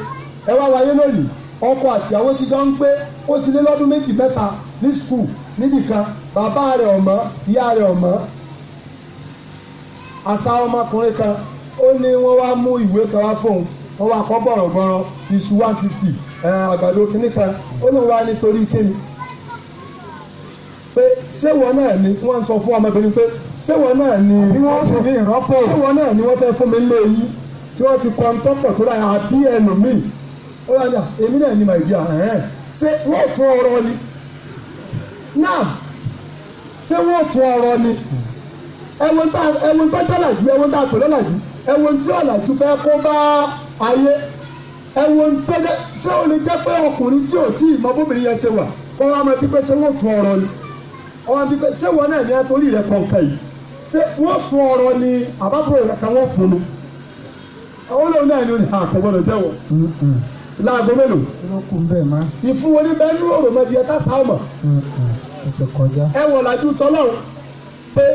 ẹ wá wáyé lónìí ọkọ àtìyàwó ti jọ ń gbé ó ti lé lọ́dún méjì mẹ́ta ní skul níbìkan bàbá rẹ̀ ọ̀mọ́ ìyá rẹ̀ ọ̀mọ́ àṣà ọmọkùnrin kan ó ní wọ́n wá mú ìwé kan wá fóun wọ́n wá kọ́ bọ̀rọ̀gbọ̀rọ̀ iṣu one fifty àgbàdo kìnnìkan ó lóun wá nítorí kíni pé ṣé wọn náà ni wọ́n sọ fún pé ṣé wọn náà ni ni fún mi ń lé tí fi tó àbí ó wà ní ni màá jẹ àhẹ́n ṣé tún ni náà ṣé ni ẹwọ́n bá ẹwọ́n bá dálàjú ẹwọ́n bá pẹ̀lú ọ̀làjú ẹwọ́n kó bá ayé ṣé o lè pé ọkùnrin tí tí ì mọ wa máa ni. ọmọ bíi pé ṣé wọn náà ní ẹtọ́ orí rẹ̀ kọ̀ọ̀kan yìí ṣé wọ́n fún ọ̀rọ̀ ni àbábọ̀ rẹ̀ kan wọ́n fún mi àwọn olóhùn náà ni àkọ́gbọ́dọ̀ jẹ́wọ̀ láago mélòó ìfún wọn ní bẹ́ẹ̀ ní òrò mẹ́tì ẹ̀ta sáàmọ̀ ẹ wọ̀ làjú tọ́lọ́run pé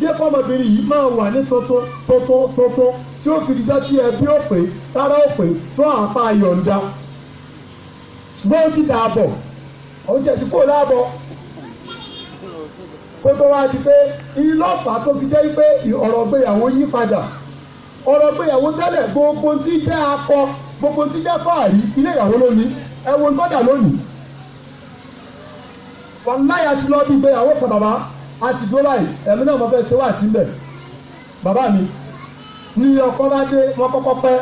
jẹ́ fọmọbìnrin yìí máa wà ní tuntun tuntun tuntun tí ó fi dijọ́ tí ẹbí ò pé sára ò pé tó àpá yọ̀ǹda ṣùgbọ́n ó ti dà bọ̀ ó jẹ̀ ti kó láàbọ̀ pé tó wá di pé ìlọ́fà tó fi jẹ́ pé ọ̀rọ̀ gbéyàwó yí padà ọ̀rọ̀ gbéyàwó tẹ́lẹ̀ gbogbo tí jẹ́ akọ gbogbo tí jẹ́ fàárí ilé ìyàwó lónìí ẹ̀wọ̀n tọ́jà lónìí wàláyà ti lọ bí gbéyàwó kan bàbá a sì dúró báyìí ẹ̀mí náà mo fẹ́ ṣe wá síbẹ̀ bàbá mi ní ọkọ bá dé wọn kọ́kọ́ pẹ́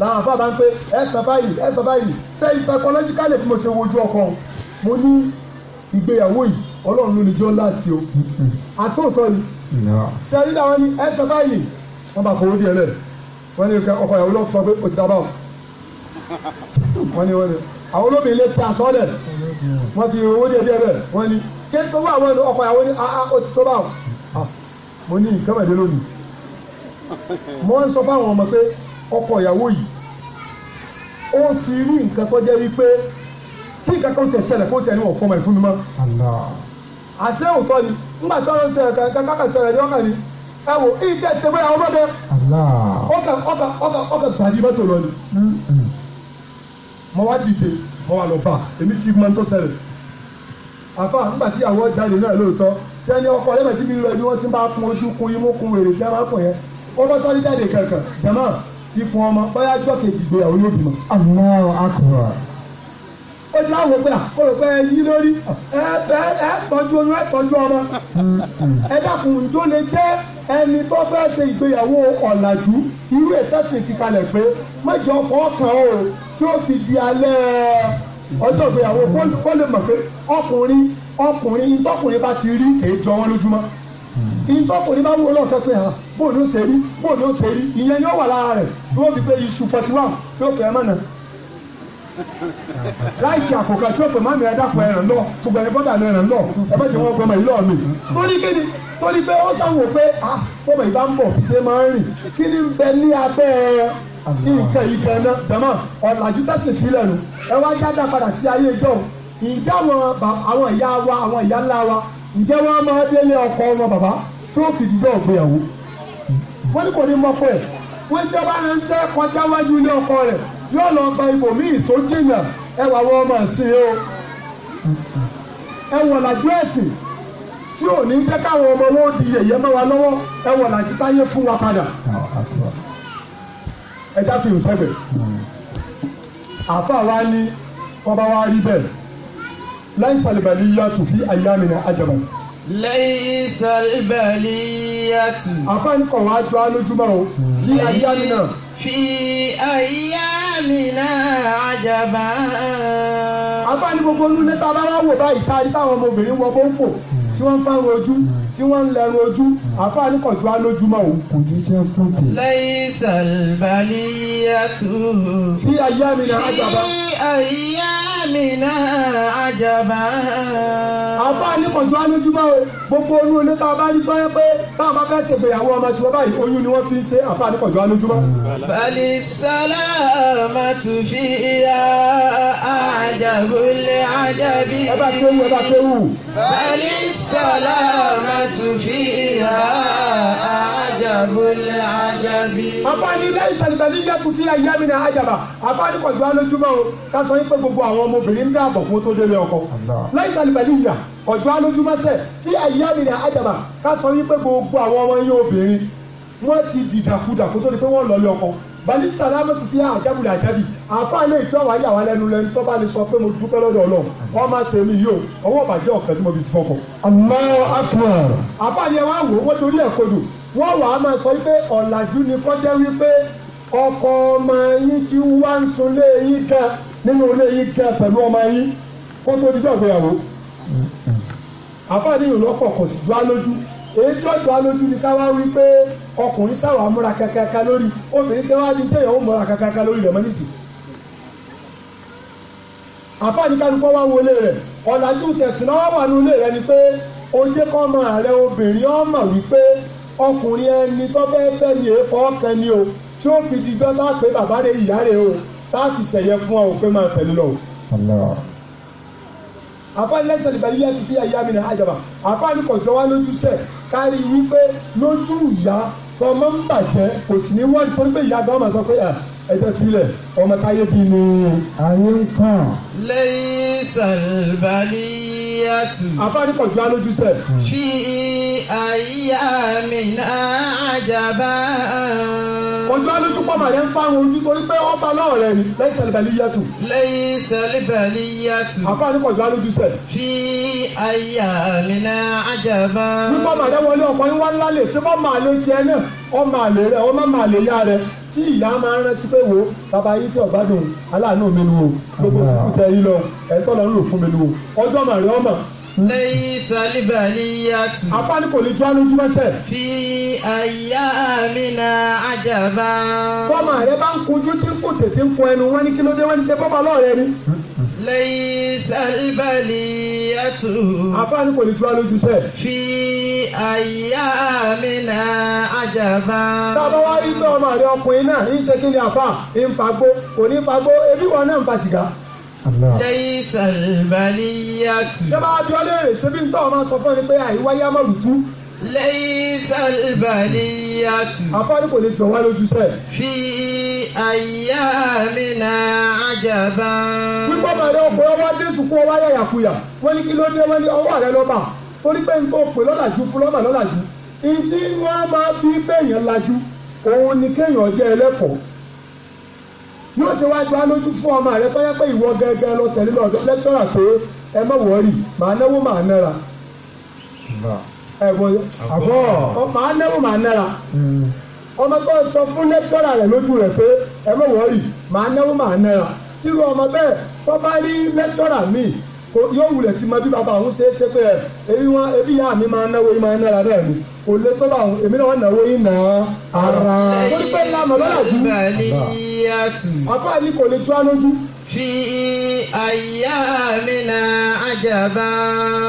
làwọn àfa bá ń pé ẹ sàn báyìí ẹ sàn báyìí ṣe psychologically bí mo ṣe wojú ọkọ mo ní ìgbéyàwó yìí ọlọ́run ló ní jọ́ láti o àsọ̀tọ̀ ni ṣé ẹni dáwọn ni ẹ sọ báyìí wọ́n bá fowó díẹ̀ lẹ̀ wọ́n ní ọkọ ìyàwó lọ́kọ̀ sọ pé o ti dá báwọn wọ́n ní wọ́n ní àwọn olómi ilé ti aṣọ dẹ̀ wọ́n ti owó díẹ̀ díẹ̀ bẹ̀ wọ́n ní kí sọ wọ́n àwọn ọkọ ìyàwó ní aa ah, ah, o ti tó báwọn ah, mo ní nǹkan lónìí mo ń sọ fáwọn ọmọ pé ọkọ ìyàwó yìí ó ti rí nǹkan tó jẹ́ wípé kí nǹkan kan tẹ̀ ṣẹlẹ̀ fún tẹ̀ ní wọ́n fọmọ ìfúnmi mọ́. àṣẹ òótọ́ ni ńgbà sọ̀rọ̀ sẹ̀rẹ̀ kankan káka sẹ̀rẹ̀ ní ọkàn ni ẹ wò èyí tẹ̀ ṣe bóyá ọmọ dẹ ọkà ọkà ọkà ọkà gbàdí mọ́tò lọ ni mm-hmm. mo wá dìde mo wà lọ́ba èmi ti mọ tó ṣẹlẹ̀ àfa ńgbà tí àwọn jáde náà lóòótọ́ tí ọkọ mi lọ ni ti bá kun ojú kun imú kun èrè tí a máa kun yẹn wọ́n bá sọ́ọ́ jáde kankan jẹ̀mọ́ ikùn ọmọ báyà jọ́ kejì gbéyàwó ó ti àwọn pé ó ah, rò pé ẹ yí lórí ẹ ẹ tọ́jú oyún ẹ tọ́jú ọmọ ẹ dákun njó lè jẹ́ ẹni tó fẹ́ ṣe ìgbéyàwó ọ̀làjú irú ìtẹ́sìn kíkalẹ̀ pé mẹ́jọ ọkọ̀ ọkàn o tí ó fi di alẹ́ ọjọ́ ìgbéyàwó kó lè mọ̀ pé ọkùnrin ọkùnrin ntọ́kùnrin bá ti rí kèé jọ wọn lójúmọ́ ntọ́kùnrin bá wúwo lọ́ọ̀kẹ́ pé hàn ah, bóun ló ṣe rí bóun ló ṣe rí ìyẹn ni ó wà lára rẹ̀ bí wọ́n fi pé iṣu forty one yóò pè é mọ̀nà láìsí àkókò tí ó pè má mi ẹ dàpọ̀ ẹ̀ràn lọ gbogbo ẹni bọ́dà lẹ́ràn lọ ẹ bá ti wọ́n pẹ́ mọ ìlú mi. torí kí ni torí pé ó sàwò pé a fọmọ ìbá ń bọ̀ ṣe máa ń rìn kí ni ń bẹ ní abẹ́ nǹkan ìkan náà tẹ̀mọ́ ọ̀làjú tẹ̀sí ìfilẹ̀ nu ẹ wá jáde padà sí ayé ìjọ ǹjẹ́ àwọn ìyá wa àwọn ìyá ńlá wa ǹjẹ́ wọ́n máa délé ọkọ wọn bàbá tó fìdíjọ́ ògbéyàwó wọ́n ní kò ní mọ́kọ́ ẹ̀ wọ́n jẹ́ bá ń ṣe kọjá wájú ilé ọkọ rẹ̀ yóò lọ gba ibòmíì tó jìnnà ẹ wà wọ́n ọmọ ẹ̀sìn o ẹ wọ̀ làjú ẹ̀sìn tí ò ní jẹ́ káwọn ọmọ wọn di yẹ̀yẹ́ mọ́ wa lọ́wọ́ ẹ wọ̀ làjú táyé fún wa padà ẹ já fi ìwòsàgbẹ̀ àáfàá wa ní ọba wa rí bẹ́ẹ̀ láìsàlẹ̀ bàlí yá tù fi àyà mi ní àjàbá yìí lẹ́yìn sàlbàlíyàtì. àfáǹkọ̀ wa jọ alójúmọ́ o ní ajá mi náà. fi àyà mi náà àjàbá. àfáǹkọ̀ gbogbo onú lẹ́tà bá wà wò báyìí tá táwọn ọmọbìnrin wọ bó ń fò tí wọ́n ń fa rojú tí wọ́n ń lẹ́nu ojú àfáàní kọ̀jú á lójú kò ní jẹ́ fúnkì. lẹ́yìn sàlùbálí yàtú. bí ayé mi náà àjàbá. bí ayé mi náà àjàbá. àfáàní kọ̀jú á o gbogbo onú ilé tá a bá rí báyẹn pé báwọn bá fẹ́ ṣègbéyàwó ọmọ tiwọn báyìí oyún ni wọ́n fi ń ṣe àfáàní kọ̀jú á lójú sálámà tù fi ìyá àjàbùlẹ̀ àjàbí. ẹ bá kéwù ẹ bá kéwù. bali sálámà. السلامة فيها عجب العجب àfáàní lẹ́yìn sàlìbẹ̀lì yẹtù fi àyè mi náà àjàbà àfáàní kò jọ alójúmọ́ o ká sọ pé gbogbo àwọn ọmọbìnrin ń dààbọ̀ fún tó délé ọkọ lẹ́yìn sàlìbẹ̀lì yà ọjọ́ alójúmọ́ sẹ̀ fi àyè mi náà àjàbà ká sọ gbogbo àwọn ọmọ yẹn obìnrin wọ́n ti dìdàkudà fún tó di pé wọ́n lọ́ọ́ lé bàtí sàlámù ti fi àjábù làjábì àfa ilé ìtura wa yà wá lẹ́nu lẹ́nu tó bá lè sọ pé mo dúpẹ́ lọ́dọ̀ Ọlọ́run ọmọ tèmi yìí o ọwọ́ bàjẹ́ ọ̀fẹ́ tí mo fi fọkọ. Allahu Akbar. àfa ni ẹ wá wò ó torí ẹ̀ kodò wọ́n wàá máa sọ wípé ọ̀làjú ni kọjá wípé ọkọ ọmọ yín ti wá ń sunlé yín kan nínú ilé yín kan pẹ̀lú ọmọ yín kó tó di sọ̀gbéyàwó àfa ni ìlú èyí tí ó jọ alójú ni ká wá wí pé ọkùnrin sáwà múra kankankan lórí obìnrin tí wọ́n á di téèyàn ó múra kankankan lórí rẹ̀ mọ́nísì. àfáàní kálukọ́ wá wọlé rẹ̀ ọ̀làjú tẹ̀sán wá wà nílé rẹ̀ ni pé oúnjẹ kọ́ máa rẹ obìnrin ọmọ wípé ọkùnrin ẹni tó fẹ́ fẹ́ ni èèfọ́ kan ni o tí ó fi dijọ́ láàpẹ́ bàbá rẹ̀ ìyá rẹ̀ o láàfin ṣẹ̀yẹ fún ọ òpin máa tẹ̀lé lọ àfáà lẹ́sẹ̀ ìbẹ̀rẹ̀ yẹ́ ti fi ẹ̀yà mi nà ájàmà àfáà ní kọ̀jọ́ wa lójú sẹ̀ kárí wípé lójú ìyá tọmọ ń bàjẹ́ kò sì ní wọ́n torí pé ìyá gan sọ pé ah, ẹjẹ́ tilẹ̀ ọmọ táyé bí ni. ayé ń tàn. lẹ́yìn sàlùbálí yàtù. àfáàní kan ju alójú sẹ. fi àyà mi náà àjàbá. ojú alójú pọ̀ màdé ń fáwọn ojú torí pé wọ́n bá náà rẹ̀ lẹ́yìn sàlùbálí yàtù. lẹ́yìn sàlùbálí yàtù. àfáàní kan ju alójú sẹ. fi àyà mi náà àjàbá. wípọ̀ màdé wọlé ọkọ̀ yín wá ńlá lè ṣe bọ́ màá tiẹ̀ náà ọmọ àlè rẹ ọmọ àmà àlè yá rẹ tí ìyá máa ń rántí pé wo bàbá yìí tí ọba dùn aláàánú mi nu o gbogbo òkú yìí lọ ẹ̀tọ́ lọ ń fún mi nu o ọjọ́ màrí ọmọ. lẹ́yìn sálíbà ní yàtú. apáni kò lè ju alójú mẹ́sẹ̀. fi àyà mi na àjàbá. bọ́mọ rẹ bá ń kojú tí kò tètè ń kọ ẹnu wọn ní kí ló dé wọn ní sẹ́ bọ́mọ ọlọ́ọ̀rẹ́ ni lẹ́yìn sálíbàlì ẹ̀tù. afáàní kò ní tura lójú sẹ́. fi àyà mi nà àjàbá. tábà wá rí bẹ́ẹ̀ ọmọ rẹ ọkùnrin náà ń ṣe kí ni àfa ń fagbó kò ní fagbó ebi wọn náà ń fa sìgá. lẹ́yìn sálíbàlì ẹ̀tù. ṣé bá a bí ń tọ́ ọ máa sọ fún ẹni pé àyíwáyá mọ̀ lẹ́yìn sálbàníyàtù. afárí kò lè tọ̀ wá lójú sẹ́ẹ̀. fi àyà mi na àjàbá. wípé ọmọ rẹ ọkùnrin wá dé sùkú ọwọ́ ayẹyàkuyà wọ́n ní kí ló dé wọ́n ní ọwọ́ rẹ lọ́ba torí pé nǹkan òpè lọ́làjú fún lọ́ba lọ́làjú ìdí wọn máa bí bẹ́ẹ̀yàn lajú òun ni kéèyàn jẹ́ ẹlẹ́kọ̀ọ́ yóò ṣe wá gba lójú fún ọmọ rẹ tó pé ìwọ gẹ́gẹ́ lọ tẹ̀lé lọ́dọ̀ lẹ́tọ́rà pé ẹ mọ̀ wọ́ọ̀rì màá náwó màá nára ẹ̀bùn àbọ̀ màá náwó màá nára hmm. ọmọ tó sọ fún lẹ́tọ́rà rẹ̀ lójú rẹ̀ pé ẹ mọ̀ wọ́ọ̀rì màá náwó màá nára irú ọmọ bẹ́ẹ̀ tó bá rí lẹ́tọ́rà míì yóò wulẹ̀ ti mọ bí bàbá òun ṣe é ṣe pé ẹ ebi wọn ebi yá mi máa náwó yín máa nára náà ni kò lè tó bá òun èmi náà wọn náwó yín náà ara. lórí pé lánàá lọ́la jù àbá ni kò lè tó á lójú fi àyà mi nà àjàbá.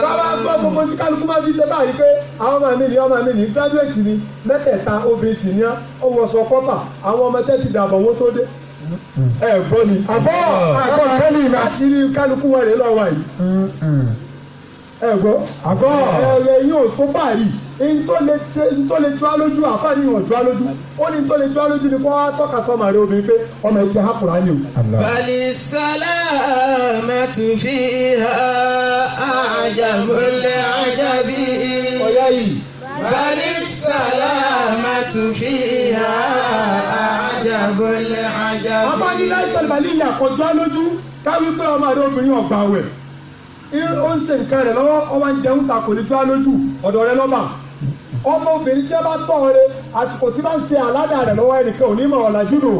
bàbá gbọ́ gbogbo tí kálukú máa fi ṣe báyìí pé àwọn ọmọ mi ní ọmọ mi ní gírádùétì ni mẹ́tẹ̀ẹ̀ta obìnrin sì ní ọwọ́ sọ kọ́pà àwọn ọmọ tẹ́tì dàbọ̀ wọ́n tó dé ẹ gbọ́ ni. àbọ̀ àbọ̀ àbẹ́lì mi. àṣírí kálukú wa rè lọ́wọ́ yìí ẹ gbọ́ àbọ̀ ẹ̀rẹ̀ yóò tó fàárì ntọ́lẹ̀ tí wá lójú àfààní ìwọ̀n tí lójú ó ní ntọ́lẹ̀ tí wá lójú ni kó wá tọ́ka sọ́mà rẹ obìnrin pé ọmọ ẹ̀ ti há Kùránì o. bali salamatu fiha ajabulẹ̀ ajabi. ọ̀yá yìí. bali salamatu fiha ajabulẹ̀ ajabi. ọmọ yìí láìsọ̀ bali yà kọjá lójú káwí pé ọmọ rẹ obìnrin ọ̀gbà wẹ̀ ó ń ṣe nǹkan rẹ̀ lọ́wọ́ ọmọ ń jẹun ta kò ní tó alójú ọ̀dọ̀ rẹ lọ́mà ọmọ obìnrin tí a bá tọ̀ ọ́ rẹ àsìkò tí bá ń ṣe àládà rẹ̀ lọ́wọ́ ẹnìkan ò ní mọ̀ ọ̀làjú nù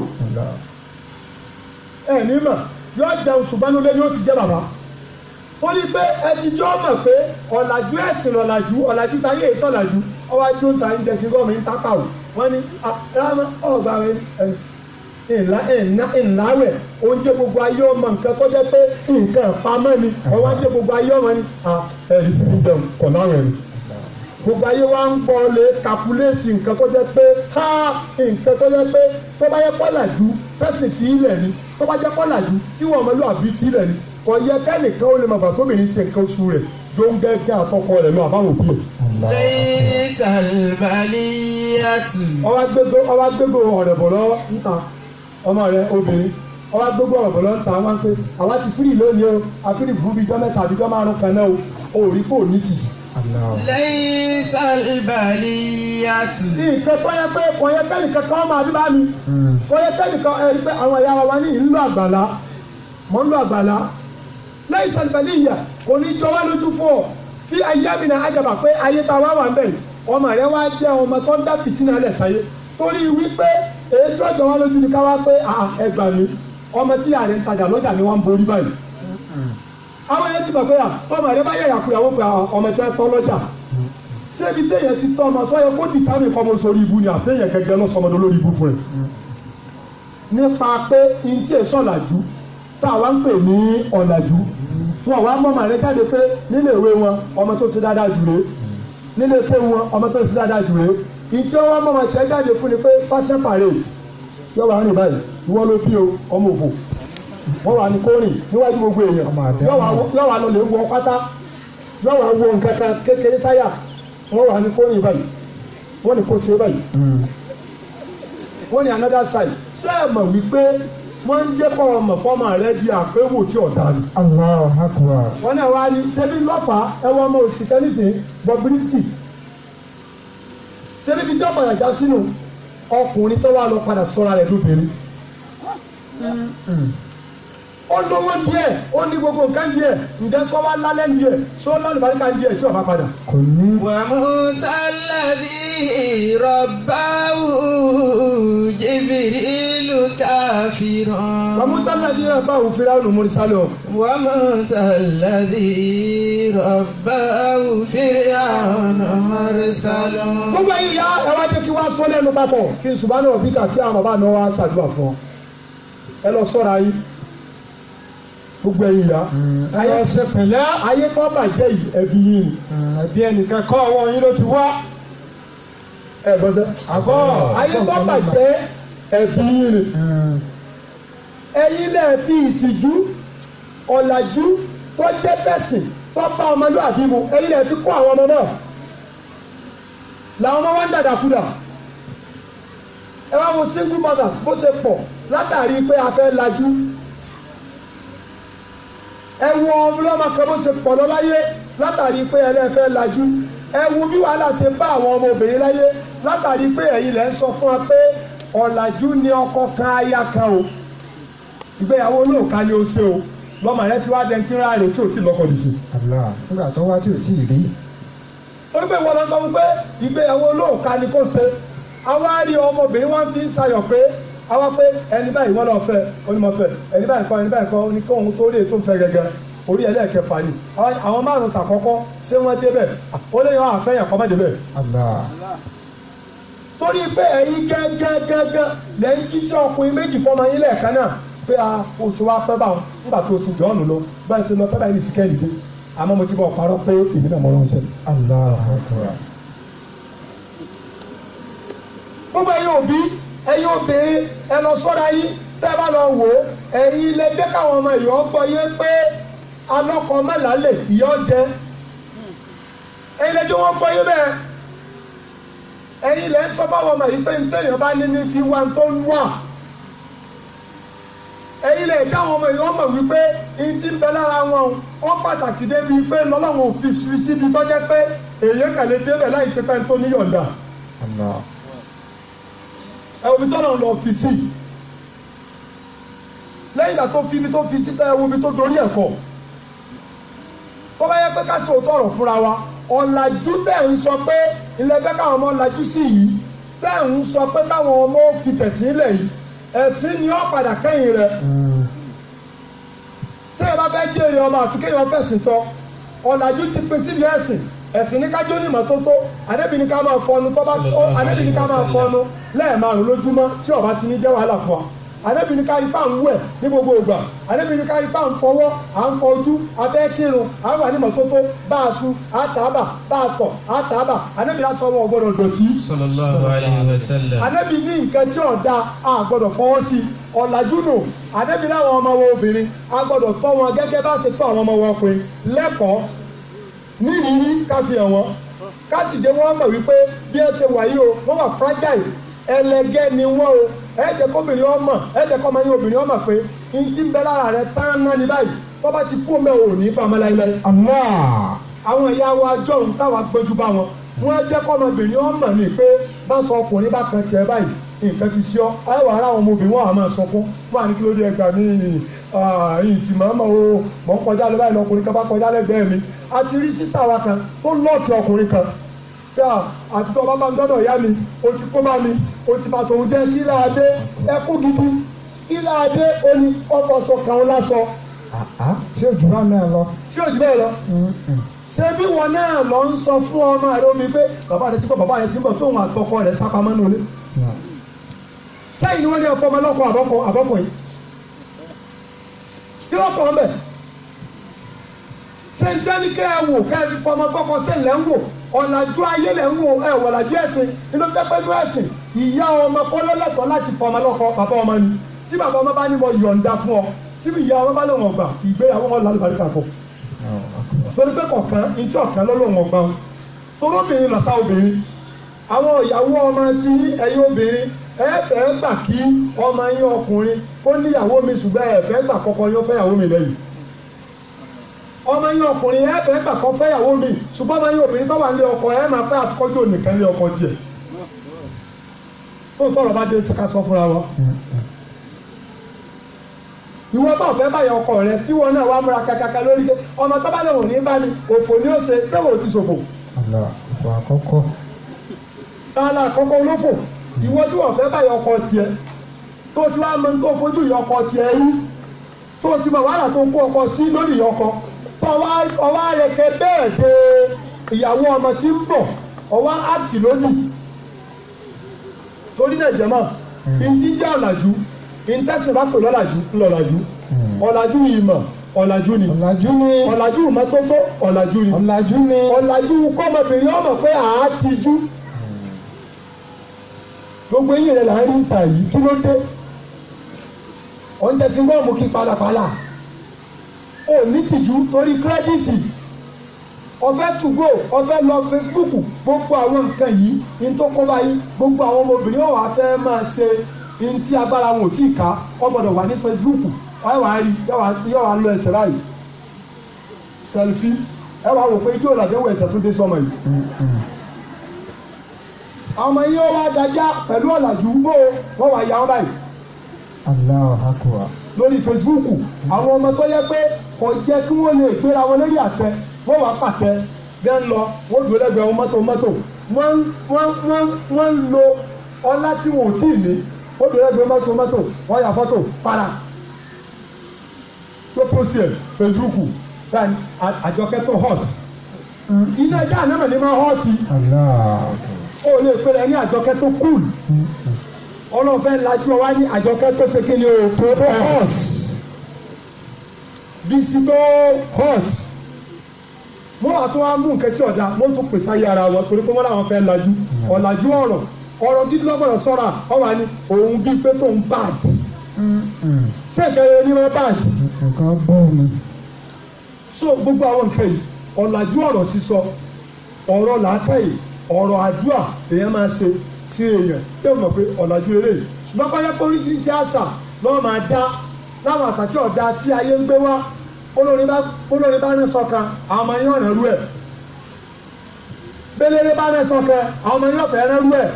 ẹ̀ ní mọ̀ yóò jẹun ṣùgbọ́n nílé ni ó ti jẹ́ bàbá ó ní pé ẹ ti jọ́ mọ̀ pé ọ̀làjú ẹ̀sìn ọ̀làjú ọ̀làjú ta yé èso ọ̀làjú ọwọ́ ajé ó ta ń jẹ sí gọ́ọ̀mù ń tápà wọ́n ní ah, ọ̀gbà rẹ̀ ìláwẹ̀ oúnjẹ gbogbo ayé ọmọ nǹkan tó jẹ́ pé nǹkan pamọ́ ni wọ́n wá ń jẹ́ gbogbo ayé ọmọ ni ẹ̀rí tí ń jẹun kọ̀ láwẹ̀ ni gbogbo ayé wa ń gbọ́ lé kàkúlẹ́ẹ̀tì nǹkan tó jẹ́ pé ha nǹkan tó jẹ́ pé tó bá yẹ kọ́làjú pẹ́sì fi ilẹ̀ ni tó bá jẹ́ kọ́làjú tí wọ́n mọ̀ lọ́wọ́ àbí fi ilẹ̀ ni kò yẹ kẹ́nìkan ó lè mọ̀ gbà tóbìnrin ṣe nǹkan oṣù rẹ̀ tó ń gẹ́gẹ́ àtọkọ rẹ̀ lọ àbáwò bí ẹ̀. lẹ́yìn sàlùbálíyàtù. ọwọ́ gbégbó ọ̀rẹ́ bọ̀ lọ́wọ́ ọmọ rẹ obìnrin wọ́n gbogbo ọ̀rọ̀ bọ̀lọ́ ta wọ́n pé àwa ti fírì lónìí o àfírì fún bíi jọ́ mẹ́ta àbíjọ́ márùn kan náà o ò rí kò ní tì. lẹ́yìn sálíbàlì nǹkan tó yẹ pé kò yẹ kẹ́lì kankan ọmọ mi hmm. kò yẹ kẹ́lì kan ẹni pé àwọn ẹ̀yà wa ní ìlú àgbàlá mọ̀ ń ní jọ fi ayé náà pé ayé ta wá wà ń ọmọ rẹ wá ọmọ tó ń dá fìtínà torí wípé èyí tí wọ́n jọ wá lójú ni ká wá pé ẹ gbà mí ọmọ tí ààrẹ ń tajà lọ́jà ni wọ́n ń borí báyìí. àwọn yẹn ti mọ̀ pé ọmọ rẹ bá yẹ̀yà kú ìyàwó pé ọmọ tí wọ́n tọ́ lọ́jà. ṣébi téèyàn ti tọ́ ọmọ sọ́yẹ kó dìtà mí kọ́ mọ sórí ibu ni àtẹ̀yẹ̀ gẹ́gẹ́ ló sọmọdé lórí ibu fún rẹ̀. nípa pé ntí èso ọ̀làjú tá a wá ń pè ní ọ̀làjú wọn wá mọ́ màrẹ́ jáde pé nílé ìwé wọn ọmọ tó ṣe dáadáa jù rèé nílé ìfẹ́ wọn ọmọ tó ṣe dáadáa jù ìtẹ́ wọn mọ̀mọ́ tẹ́ jáde fún ni pé fashion parade yóò wá rìn báyìí ìwọ ló bí o ọmọ òfò wọ́n wà ní kórìn níwájú gbogbo èèyàn yóò wá lọ lè wọ pátá yóò wá wọ nǹkan kan kékeré sáyà wọ́n wà ní kórìn báyìí wọ́n ní kó ṣe báyìí hmm. wọ́n ní another side ṣé ẹ mọ̀ wípé wọ́n ń jẹ́ kọ́ ọmọ fọ́mọ rẹ di àpéwò tí ọ̀dà ni. Allahu Akbar. wọ́n náà wá ní ṣebí lọ́fà ẹ̀wọ̀n ọmọ òsì tẹ́lifíṣìn Bobrisky ṣé níbi tí ọ̀pọ̀ àjà sínú ọkùnrin tó wà lọ padà sọ́ra rẹ̀ lóbìnrin. ó díẹ̀ ó ní gbogbo nǹkan díẹ̀ ǹjẹ́ sọ wá lálẹ́ díẹ̀ sọ lálùbáríkà díẹ̀ tí ọba padà. wà á mú sálàdì rọ̀báwù jìbìrì. كافرا وموسى الذي رباه فرعون مرسله وموسى الذي رباه فرعون مرسله gbogbo yìí yá ẹ wá jẹ́ kí wá sọ lẹ́nu papọ̀ kí subahana òbí kà kí àwọn bàbá mi wá ṣàdúrà fún ọ ẹ lọ sọ́ra yìí gbogbo ẹ̀yin yá ayé ṣe pẹ̀lẹ́ ayé kọ́ bàjẹ́ yìí ẹbí yìí ẹbí ẹnìkan kọ́ ọwọ́ yín ló ti wá ẹ bọ́sẹ̀ àgọ́ ayé kọ́ bàjẹ́ ẹ̀bí rìn ẹ̀yin náà fi ìtìjú ọ̀làjú tó jẹ́ tẹ̀sìn tó bá ọmọlúwàbí mu ẹ̀yin náà fi kọ́ àwọn ọmọ náà làwọn ọmọ wa ń dàdàkúdà ẹ wá wo single mothers bó ṣe pọ̀ látàrí pé a fẹ́ lajú ẹ wo ọmọlọ́mọ kan bó ṣe pọ̀ lọ láyé látàrí pé ẹlẹ́fẹ́ lajú ẹ wo bí wàhálà ṣe bá àwọn ọmọ obìnrin láyé látàrí pé ẹ̀yin lẹ́ ń sọ fún wa pé ọ̀làjú ni ọkọ kan aya kan o ìgbéyàwó olóòka ni o ṣe o lọ́mọ rẹ fi wá dẹni tí ń rà rè tí ò tí lọ́kọ̀ dì sí. àbúrò nígbà tó wá tí ò tí ì rí. ó ní pé ìwọ lọ sọ wípé ìgbéyàwó olóòka ni kò ṣe àwa rí ọmọbìnrin wa fi ń sayọ̀ pé àwa pé ẹni báyìí wọ́n lọ fẹ́ onímọ̀fẹ́ ẹni báyìí kọ́ ẹni báyìí kọ́ ní kí òun tó rí ètò ìfẹ́ gẹ́gẹ́ orí ẹlẹ́ẹ̀kẹfà ni àwọn márùn-ún tàkọ́kọ́ ṣé wọ́n débẹ̀ ó léyìn wọn àfẹ́yàn kọ́ mọ́ débẹ̀ torí pé ẹ̀yin gángangangan lẹ́ ń kí sí ọkùnrin méjì fọmọ yín lẹ́ẹ̀kan náà pé a kò sí wá pẹ́ báwọn nígbà tó o sì jọ́ọ̀nù lọ báyìí ṣe lọ pẹ́ báyìí ní sikẹ́ẹ̀lì dé àmọ́ mo ti bọ̀ parọ́ pé èmi náà mọ̀ ọ́n ṣe. gbogbo ẹ̀yin òbí ẹ̀yin obìnrin ẹ lọ sọ́ra yín tẹ́ bá lọ wò ó ẹ̀yin lè jẹ́ káwọn ọmọ ìyọ́ gbọ́ yé pé alọ́kọ̀ọ́ lè ìyọ́ jẹ ẹ̀yin lè jẹ́ wọ́n gbọ́ yé bẹ́ẹ̀ ẹ̀yin lẹ́ sọ báwọn ọmọ yìí pé ń tẹ̀yàn bá ní ní fi wá tó ń wà ẹ̀yin lẹ́ dáwọn ọmọ yìí wọ́n mọ̀ wípé n ti ń bẹ lára wọn ó pàtàkì débi pé lọ́lọ́wọ́n ò fi síbi tó jẹ́ pé èèyàn kàn lè débẹ̀ láì ṣe pé ń tó níyọ̀ǹda ẹ̀ òbí tọ́lọ̀ lọ fi sí lẹ́yìn ìgbà tó fi ibi tó fi sí ẹ̀ òbí tó dorí ẹ̀kọ́ tó bá yẹ pé ká sọ òótọ́ ọ̀rọ̀ fúnra wa ọ̀làjú tẹ̀ ń sọ pé ilẹ̀ fẹ́ káwọn ọmọ làjú sí yìí tẹ̀ ń sọ pé káwọn ọmọ fi tẹ̀sílẹ̀ yìí ẹ̀sìn ni ó padà kẹ́yìn rẹ̀ tẹ́ ẹ bá fẹ́ jèrè ọmọ àfi kéèyàn fẹ̀sìn tọ́ ọ̀làjú ti pín síbi ẹ̀sìn ẹ̀sìn ní kájọ́ ní ìmọ̀tótó àdébí ni ká máa fọnu lẹ́ẹ̀márùn lójúmọ́ tí ó bá ti ní jẹ́ wàhálà fún wa ànábì ní kárí ń wẹ̀ ní gbogbo ìgbà ànábì ní kárí ń fọwọ́ à ń fọjú abẹ́ kírun à ń wà ní mọ̀tótó bá a su à tààbà bá a sọ à tààbà ànábì lásán ọwọ́ gbọ́dọ̀ dọ̀tí. sallallahu ní nǹkan tí ò a gbọ́dọ̀ fọwọ́ sí ọ̀làjú nù ànábì láwọn ọmọ wọn obìnrin a gbọ́dọ̀ tọ́ wọn gẹ́gẹ́ bá ṣe tọ́ àwọn ọmọ wọn ọkùnrin lẹ́kọ̀ọ́ ní káfíà wọn ká sì mọ̀ wípé bí ẹ ṣe wà yìí o wọ́n wà fragile ẹlẹgẹ́ ni wọ́n o ẹ jẹ́ kóbìnrin ọmọ ẹ jẹ́ kọ́mọ yín obìnrin ọmọ pé n ti bẹ lára rẹ tán náà ní báyìí wọ́n ti kú ọmọ ò ní bá ọmọ láíláí. àwọn ìyá wa jọ òun táwa gbójú bá wọn wọn jẹ́ kọ́mọbìnrin ọmọ ni pé bá sọ ọkùnrin bá kan tiẹ̀ báyìí nǹkan ti ṣe ọ ayé wàhálà àwọn ọmọbìnrin wọn à máa sọ fún wọn ní kí ló dé ẹgbà mí ìsìn màmá o mọ̀ ń kọjá lọ báyìí lọkùnrin kan bá kọjá lẹ́gbẹ̀ẹ́ mi àti rí sísá wa kan tó lọ́ọ̀kì ọkùnrin kan pé à àti tó ọba máa ń dọ́dọ̀ yá mi o ti kó bá mi o ti bàtò òun jẹ́ kí láadé ẹkú gidi kí láadé ó ní ọkọ̀ sọ kàn lásọ. Ah, ah. ṣé òjò bá náà lọ. ṣé òjò bẹ́ẹ̀ lọ. ṣé bí wọn náà lọ ń sọ fún ọmọ rẹ omi pé bàbá rẹ ti bọ̀ bàbá rẹ ti bọ̀ tóun àtọkọ rẹ sápamọ́ nulẹ. sẹ́yìn ni wọ́n ní ọkọ ọmọ lọ́kọ àbọ́kọ àbọ́kọ yìí. kí lọ́kọ̀ ọ ṣe ń jẹ́ ní kẹ́ ẹ wò ọ̀làjú ayé lẹ̀ ń wò ẹ̀ wọ̀làjú ẹ̀sìn nínú pẹ́pẹ́ nínú ẹ̀sìn ìyá ọmọ kọ́lọ́ lẹ́tọ̀ọ́ láti fọ ọmọ lọ́kọ bàbá ọmọ ni tí bàbá ọmọ bá ní mo yọ̀ǹda fún ọ tí ìyá ọmọ bá lòun ọgbà ìgbéyàwó wọn lálùbárí papọ̀ torí pé kọ̀ọ̀kan ìjọ ọ̀kan ló lòun ọgbà torobìnrin lọ́tà obìnrin àwọn ìyàwó ọmọ tí ẹ̀yin obìnrin ẹ̀ẹ́fẹ̀ẹ́ gbà kí ọmọ yín ọkùnrin ó níyàwó mi ṣùgbọ́n ẹ̀ẹ́fẹ́ gbà kọ́kọ́ yín ó fẹ́yàwó mi lẹ́yìn ọmọ yín ọkùnrin ẹ fẹ́ gbà kọ́ fẹ́yàwó mi ṣùgbọ́n ọmọ yín obìnrin tó wà nílé ọkọ ẹ máa fẹ́ àtikọ́jú ònìkan nílé ọkọ tiẹ̀ tó tọrọ bá dé ká sọ fúnra wọn. ìwọ bá ọ̀fẹ́ báyọ̀ ọkọ rẹ tí wọn náà wà múra kàkàkà lórí ké ọmọ tó bá lòun ní bá ní òfò ni ó ṣe sẹ́wọ̀n ti ṣòfò. ala àkọ́kọ́. tààlà àkọ́kọ́ olófò ìwọ tí wọn fẹ́ báyọ̀ ọkọ tiẹ̀ tó tí wàá mọ tó fojú ìyọkọ tiẹ̀ rí tó ti mọ wàhálà tó ń kó ọkọ sí lórí ìyọkọ ọwọ́ àrèké bẹ̀rẹ̀ ṣe ìyàwó ọmọ tí ń bọ̀ ọwọ́ àti lónìí torí náà jẹ́ mọ́ ntí hmm. jẹ́ ọ̀làjú ntẹ́sìn bá pè lọ́làjú ńlọ̀làjú hmm. ọ̀làjú ìmọ̀ ọ̀làjú ni ọ̀làjú ni ọ̀làjú mọ́tótó ọ̀làjú ni ọ̀làjú ni ọ̀làjú kọ́mọbìnrin ọmọ pé àá ti jú hmm. gbogbo eyín rẹ̀ là ń rí ìta yìí kí ló dé ọ̀ntẹ́sìn gbọ́ọ̀mù kí palapala ò ní tìjú torí kírẹ́dìtì ọfẹ́ tùgbò ọfẹ́ lọ Facebook gbogbo àwọn nǹkan yìí ní tó kọ́ báyìí gbogbo àwọn ọmọbìnrin ọ̀hún afẹ́ máa ṣe ní tí agbára wọn ò tí ì ká ọgbọ́dọ̀ wà ní Facebook wáyé wàá rí yóò wá lọ ẹsẹ̀ báyìí sẹlifí ẹ wàá wò pé ijó làṣẹ wọ ẹsẹ̀ tó dé sọmọ yìí ọmọ yìí ó wá dájá pẹ̀lú ọ̀làjú bó wọ́n wà yà ọ́ báyìí. lórí Facebook àwọn ọmọ tó yẹ pé kò jẹ́ kí wọ́n lè gbéra wọn lórí àtẹ wọ́n wàá pàtẹ bẹ́ẹ̀ ń lọ wọ́n dúró lẹ́gbẹ̀ẹ́ wọn mọ́tò mọ́tò wọ́n ń lo ọlá tí wọn ò tí ì ní wọ́n dúró lẹ́gbẹ̀ẹ́ mọ́tò mọ́tò wọ́n yà fọ́tò para tó pósí ẹ̀ Facebook báyìí àjọkẹ́ hot iná ẹja àná ní máa hot o lè pèrè ní àjọkẹ́ cool mm-hmm. ọlọ́fẹ́ lajú ọ wá ní àjọkẹ́ tó ṣe kí ni o tó hot visible hurt wọ́n wá tún wá mú nǹkan tí ọ̀dà wọ́n tún pèsè ayé ara wọn torí pé wọ́n làwọn fẹ́ lajú ọ̀làjú ọ̀rọ̀ ọ̀rọ̀ títí lọ́gbọ̀dọ̀ sọ́ra ọ̀wà ni òun bíi pé tóun bad ṣé ìfẹ́ rẹ ní wọ́n bad. nǹkan bọ́ mi. so gbogbo àwọn nǹkan yìí ọ̀làjú ọ̀rọ̀ sísọ ọ̀rọ̀ làákàyè ọ̀rọ̀ àdúrà èèyàn máa ṣe sí èèyàn yóò mọ̀ pé ọ̀làjú eré ṣùgbọ́n kọ́jọ́ pé oríṣiríṣi àṣà lọ́ọ́ máa dá láwọn àṣà tí ọ̀dà tí ayé ń gbé wá olórin bá olórin bá ní sọkan àwọn ọmọ yín ọ̀nà rú ẹ̀ bẹ́lẹ́rẹ́ bá ní sọkan àwọn ọmọ yín ọ̀fẹ́ rẹ̀ rú ẹ̀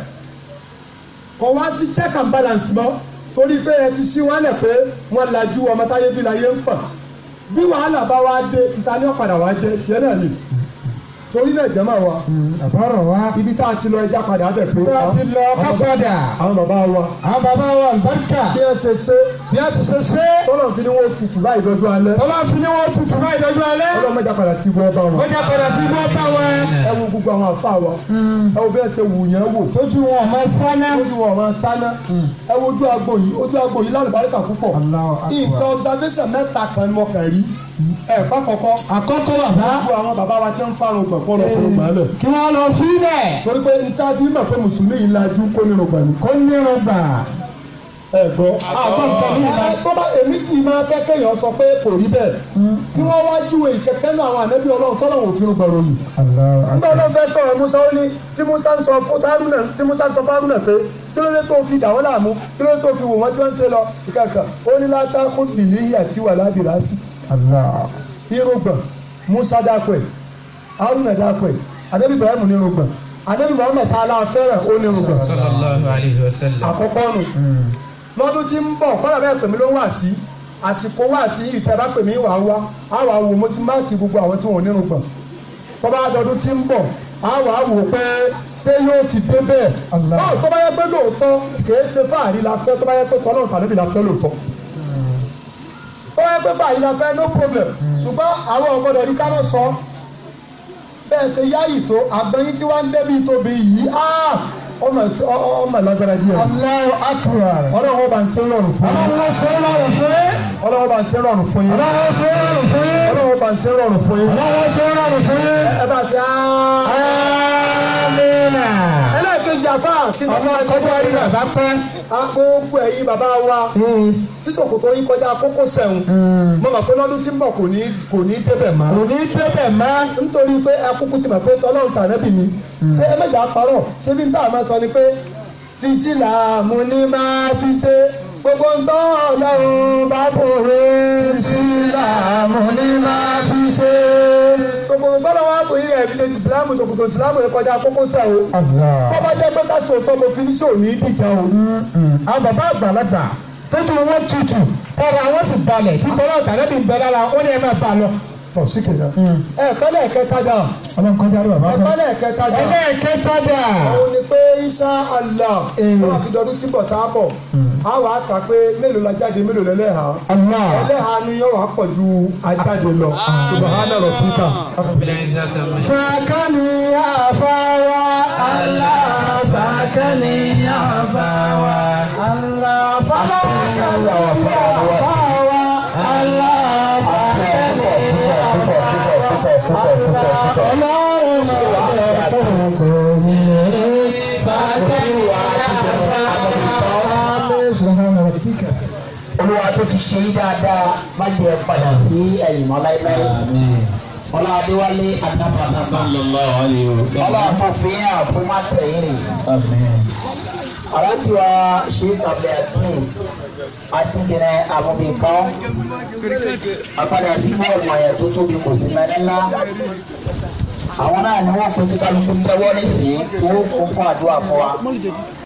kọ̀ wá sí check and balance mọ́ torí pé ẹ ti ṣí wálẹ̀ pé wọ́n lajú ọmọ táyé bí láyé ń pọ̀ bí wàhálà bá wá dé títa ní ọ̀padà wá jẹ tiẹ̀ náà nìyí torí náà jẹ́ máa wa. àbárò wa. ibi tá a ti lọ ẹja padà bẹ̀ pé. tá a ti lọ ká padà. àwọn bàbá wa. àwọn bàbá wa àlùbáríkà. bí a ṣe ṣe. bí a ti ṣe ṣe. tọ́lọ̀ fi ni wọ́n tutù báyìí lọ́jọ́ alẹ́. tọ́lọ̀ fi ni wọ́n tutù báyìí lọ́jọ́ alẹ́. ọlọ́mọ ẹja padà sí ibú ọba wọn. ọjà padà sí ibú ọba wọn. ẹ wo gbogbo àwọn àfa wa. Hmm. ẹ wo bí ṣe wù yẹn wò. Hmm. ojú wọn ọmọ ti ń fárun gbọ̀ fọ́nà fún gbàlẹ̀. kí wọ́n lọ sí bẹ̀. torí pé ìta bí mà pé mùsùlùmí yìí lajú kó nínú gbà ní. kó nínú gbà. ẹ gbọ́. àgbọn kan ní ìlà. bọ́bá èmi sì máa fẹ́ kéèyàn sọ pé kò rí bẹ́ẹ̀. Hmm. kí wọ́n wá júwe ìkẹ́kẹ́ náà àwọn ànábì ọlọ́run tọ́lọ̀ wò fínú gbọ̀rọ̀ yìí. nígbà wọn fẹ́ sọ̀rọ̀ Musa ó ní tí Musa ń sọ fún Haruna tí Musa ń sọ fún Haruna pé kí ló dé tó fi dà wọ́n láàmú kí ló dé tó fi wò wọ́n tí wọ́n ń ṣe lọ ìkàkàn ó ní látàkùn bìlíyà tí wà lábìlà sí. irúgbọ̀n Musa dákọ̀ ẹ̀ haruna dapò yìí anabi ibrahim ní irùngbọ̀n anabi muhammed sálá fẹ́rẹ̀ ó ní irùngbọ̀n. àkọ́kọ́ nù hmm. lọ́dún tí ń bọ̀ kọ́lá bẹ́ẹ̀ pèmí ló wà sí àsìkò wà sí ìfẹ́ bá pèmí wà wá àwọn àwò mo ti máàkì gbogbo àwọn tí wọ́n ní irùngbọ̀n bọ́bá àdọ́dún tí ń bọ̀ àwa wò pé ṣé yóò ti dé bẹ́ẹ̀ báwo tó bá yẹ pé lóòótọ́ kìí ṣe fáàrí la fẹ́ tó bá yẹ pé tọ́lọ́ tàbí la fẹ́ lóòótọ́ hmm. tó bá yẹ pé fáàrí la fẹ́ no problem hmm. ṣùgbọ́n àwọn ọ̀gbọ́dọ̀ rí ká lọ sọ bẹ́ẹ̀ ṣe yá ìtò àgbẹ̀yìn tí wàá ń débi tóbi yìí ọmọ ah, lágbára díẹ̀. Allahu akbar. ọlọ́wọ́ bá ń ṣe lọ́rùn fún yín. ọlọ́wọ́ bá ń ṣe lọ́rùn fún yín. ọlọ́wọ́ bá ń ṣe ń ṣe fún yín ó bá ń ṣe rọrùn fún yín. ọlọ́wọ́ ṣe rọrùn fún yín. ẹ bá ṣe ámínà. ẹlẹ́ẹ̀kejì àfà tí bàbá kọjá rí bàbá pẹ́. agbóògùn ẹ̀yìn bàbá wa hmm. títòkò tó yín kọjá kókó sẹ̀hún. Hmm. mo mọ̀ pé lọ́dún tí ń bọ̀ kò ní kò ní débẹ̀ mọ́. kò ní débẹ̀ mọ́. nítorí pé akúkú ti mọ̀ pé tọ́lọ́run tànẹ́bì ni. Hmm. ṣé ẹ mẹ́jà parọ́ ṣé bí n táà máa sọ ni pé títí làmú ni máa fi ṣe gbogbo ń tọ́ ọlọ́run bá kò he. ìsìlámù ni máa fi ṣe. sòkòtò tọ́lọ̀ wá kò yí ẹ̀rí ṣe ti ìsìlámù sòkòtò ìsìlámù rẹ̀ kọjá kókósẹ̀ o. kọ́ bá jẹ́ pé ká sòótọ́ mo fi ní sòó ní ìdíjà o. àwọn bàbá àgbàlagbà tó tún wọ́n tutù tọ́ra wọ́n sì balẹ̀ títọ́lọ́ ọ̀tà lẹ́bi ìbẹ́ lára ó ní ẹ máa bá a lọ fọ̀síkè náà. ẹ̀kọ́lẹ̀ kẹtàdà. ọlọ́run kọjá rí bàbá fẹ́. ẹ̀kọ́lẹ̀ kẹtàdà. ẹ̀kọ́lẹ̀ kẹtàdà. òun ni pé insha Allah wọn hmm. àti tí bọ̀ tá a bọ̀ hmm. a wà á kà pé mélòó la jáde mélòó lẹ́lẹ́hà. ẹlẹ́hà ni yóò wá pọ̀ ju ajáde lọ. subahana rọ pita. sàkánì àfáwá aláfàkánì àfáwá aláfàkánì àfáwá. ti ṣe yí dáadáa má jẹ́ padà sí ẹ̀yìn mọ́ láíláí. Ọlá Adéwálé Adábàdàbà. Ọlá àfọ̀fin àfọ̀má tẹ̀yìn. Aláàtúwà Sheikh Abdulhakeem Atíjẹrẹ Amúbìkan. Àpàdé àsìkò ọ̀mọ̀yẹ tó tóbi kò sí mẹ́rin ńlá. Àwọn náà ni wọ́n pe tí kálukú tẹ́wọ́ nísìnyí tí wọ́n kún fún àdúrà fún wa.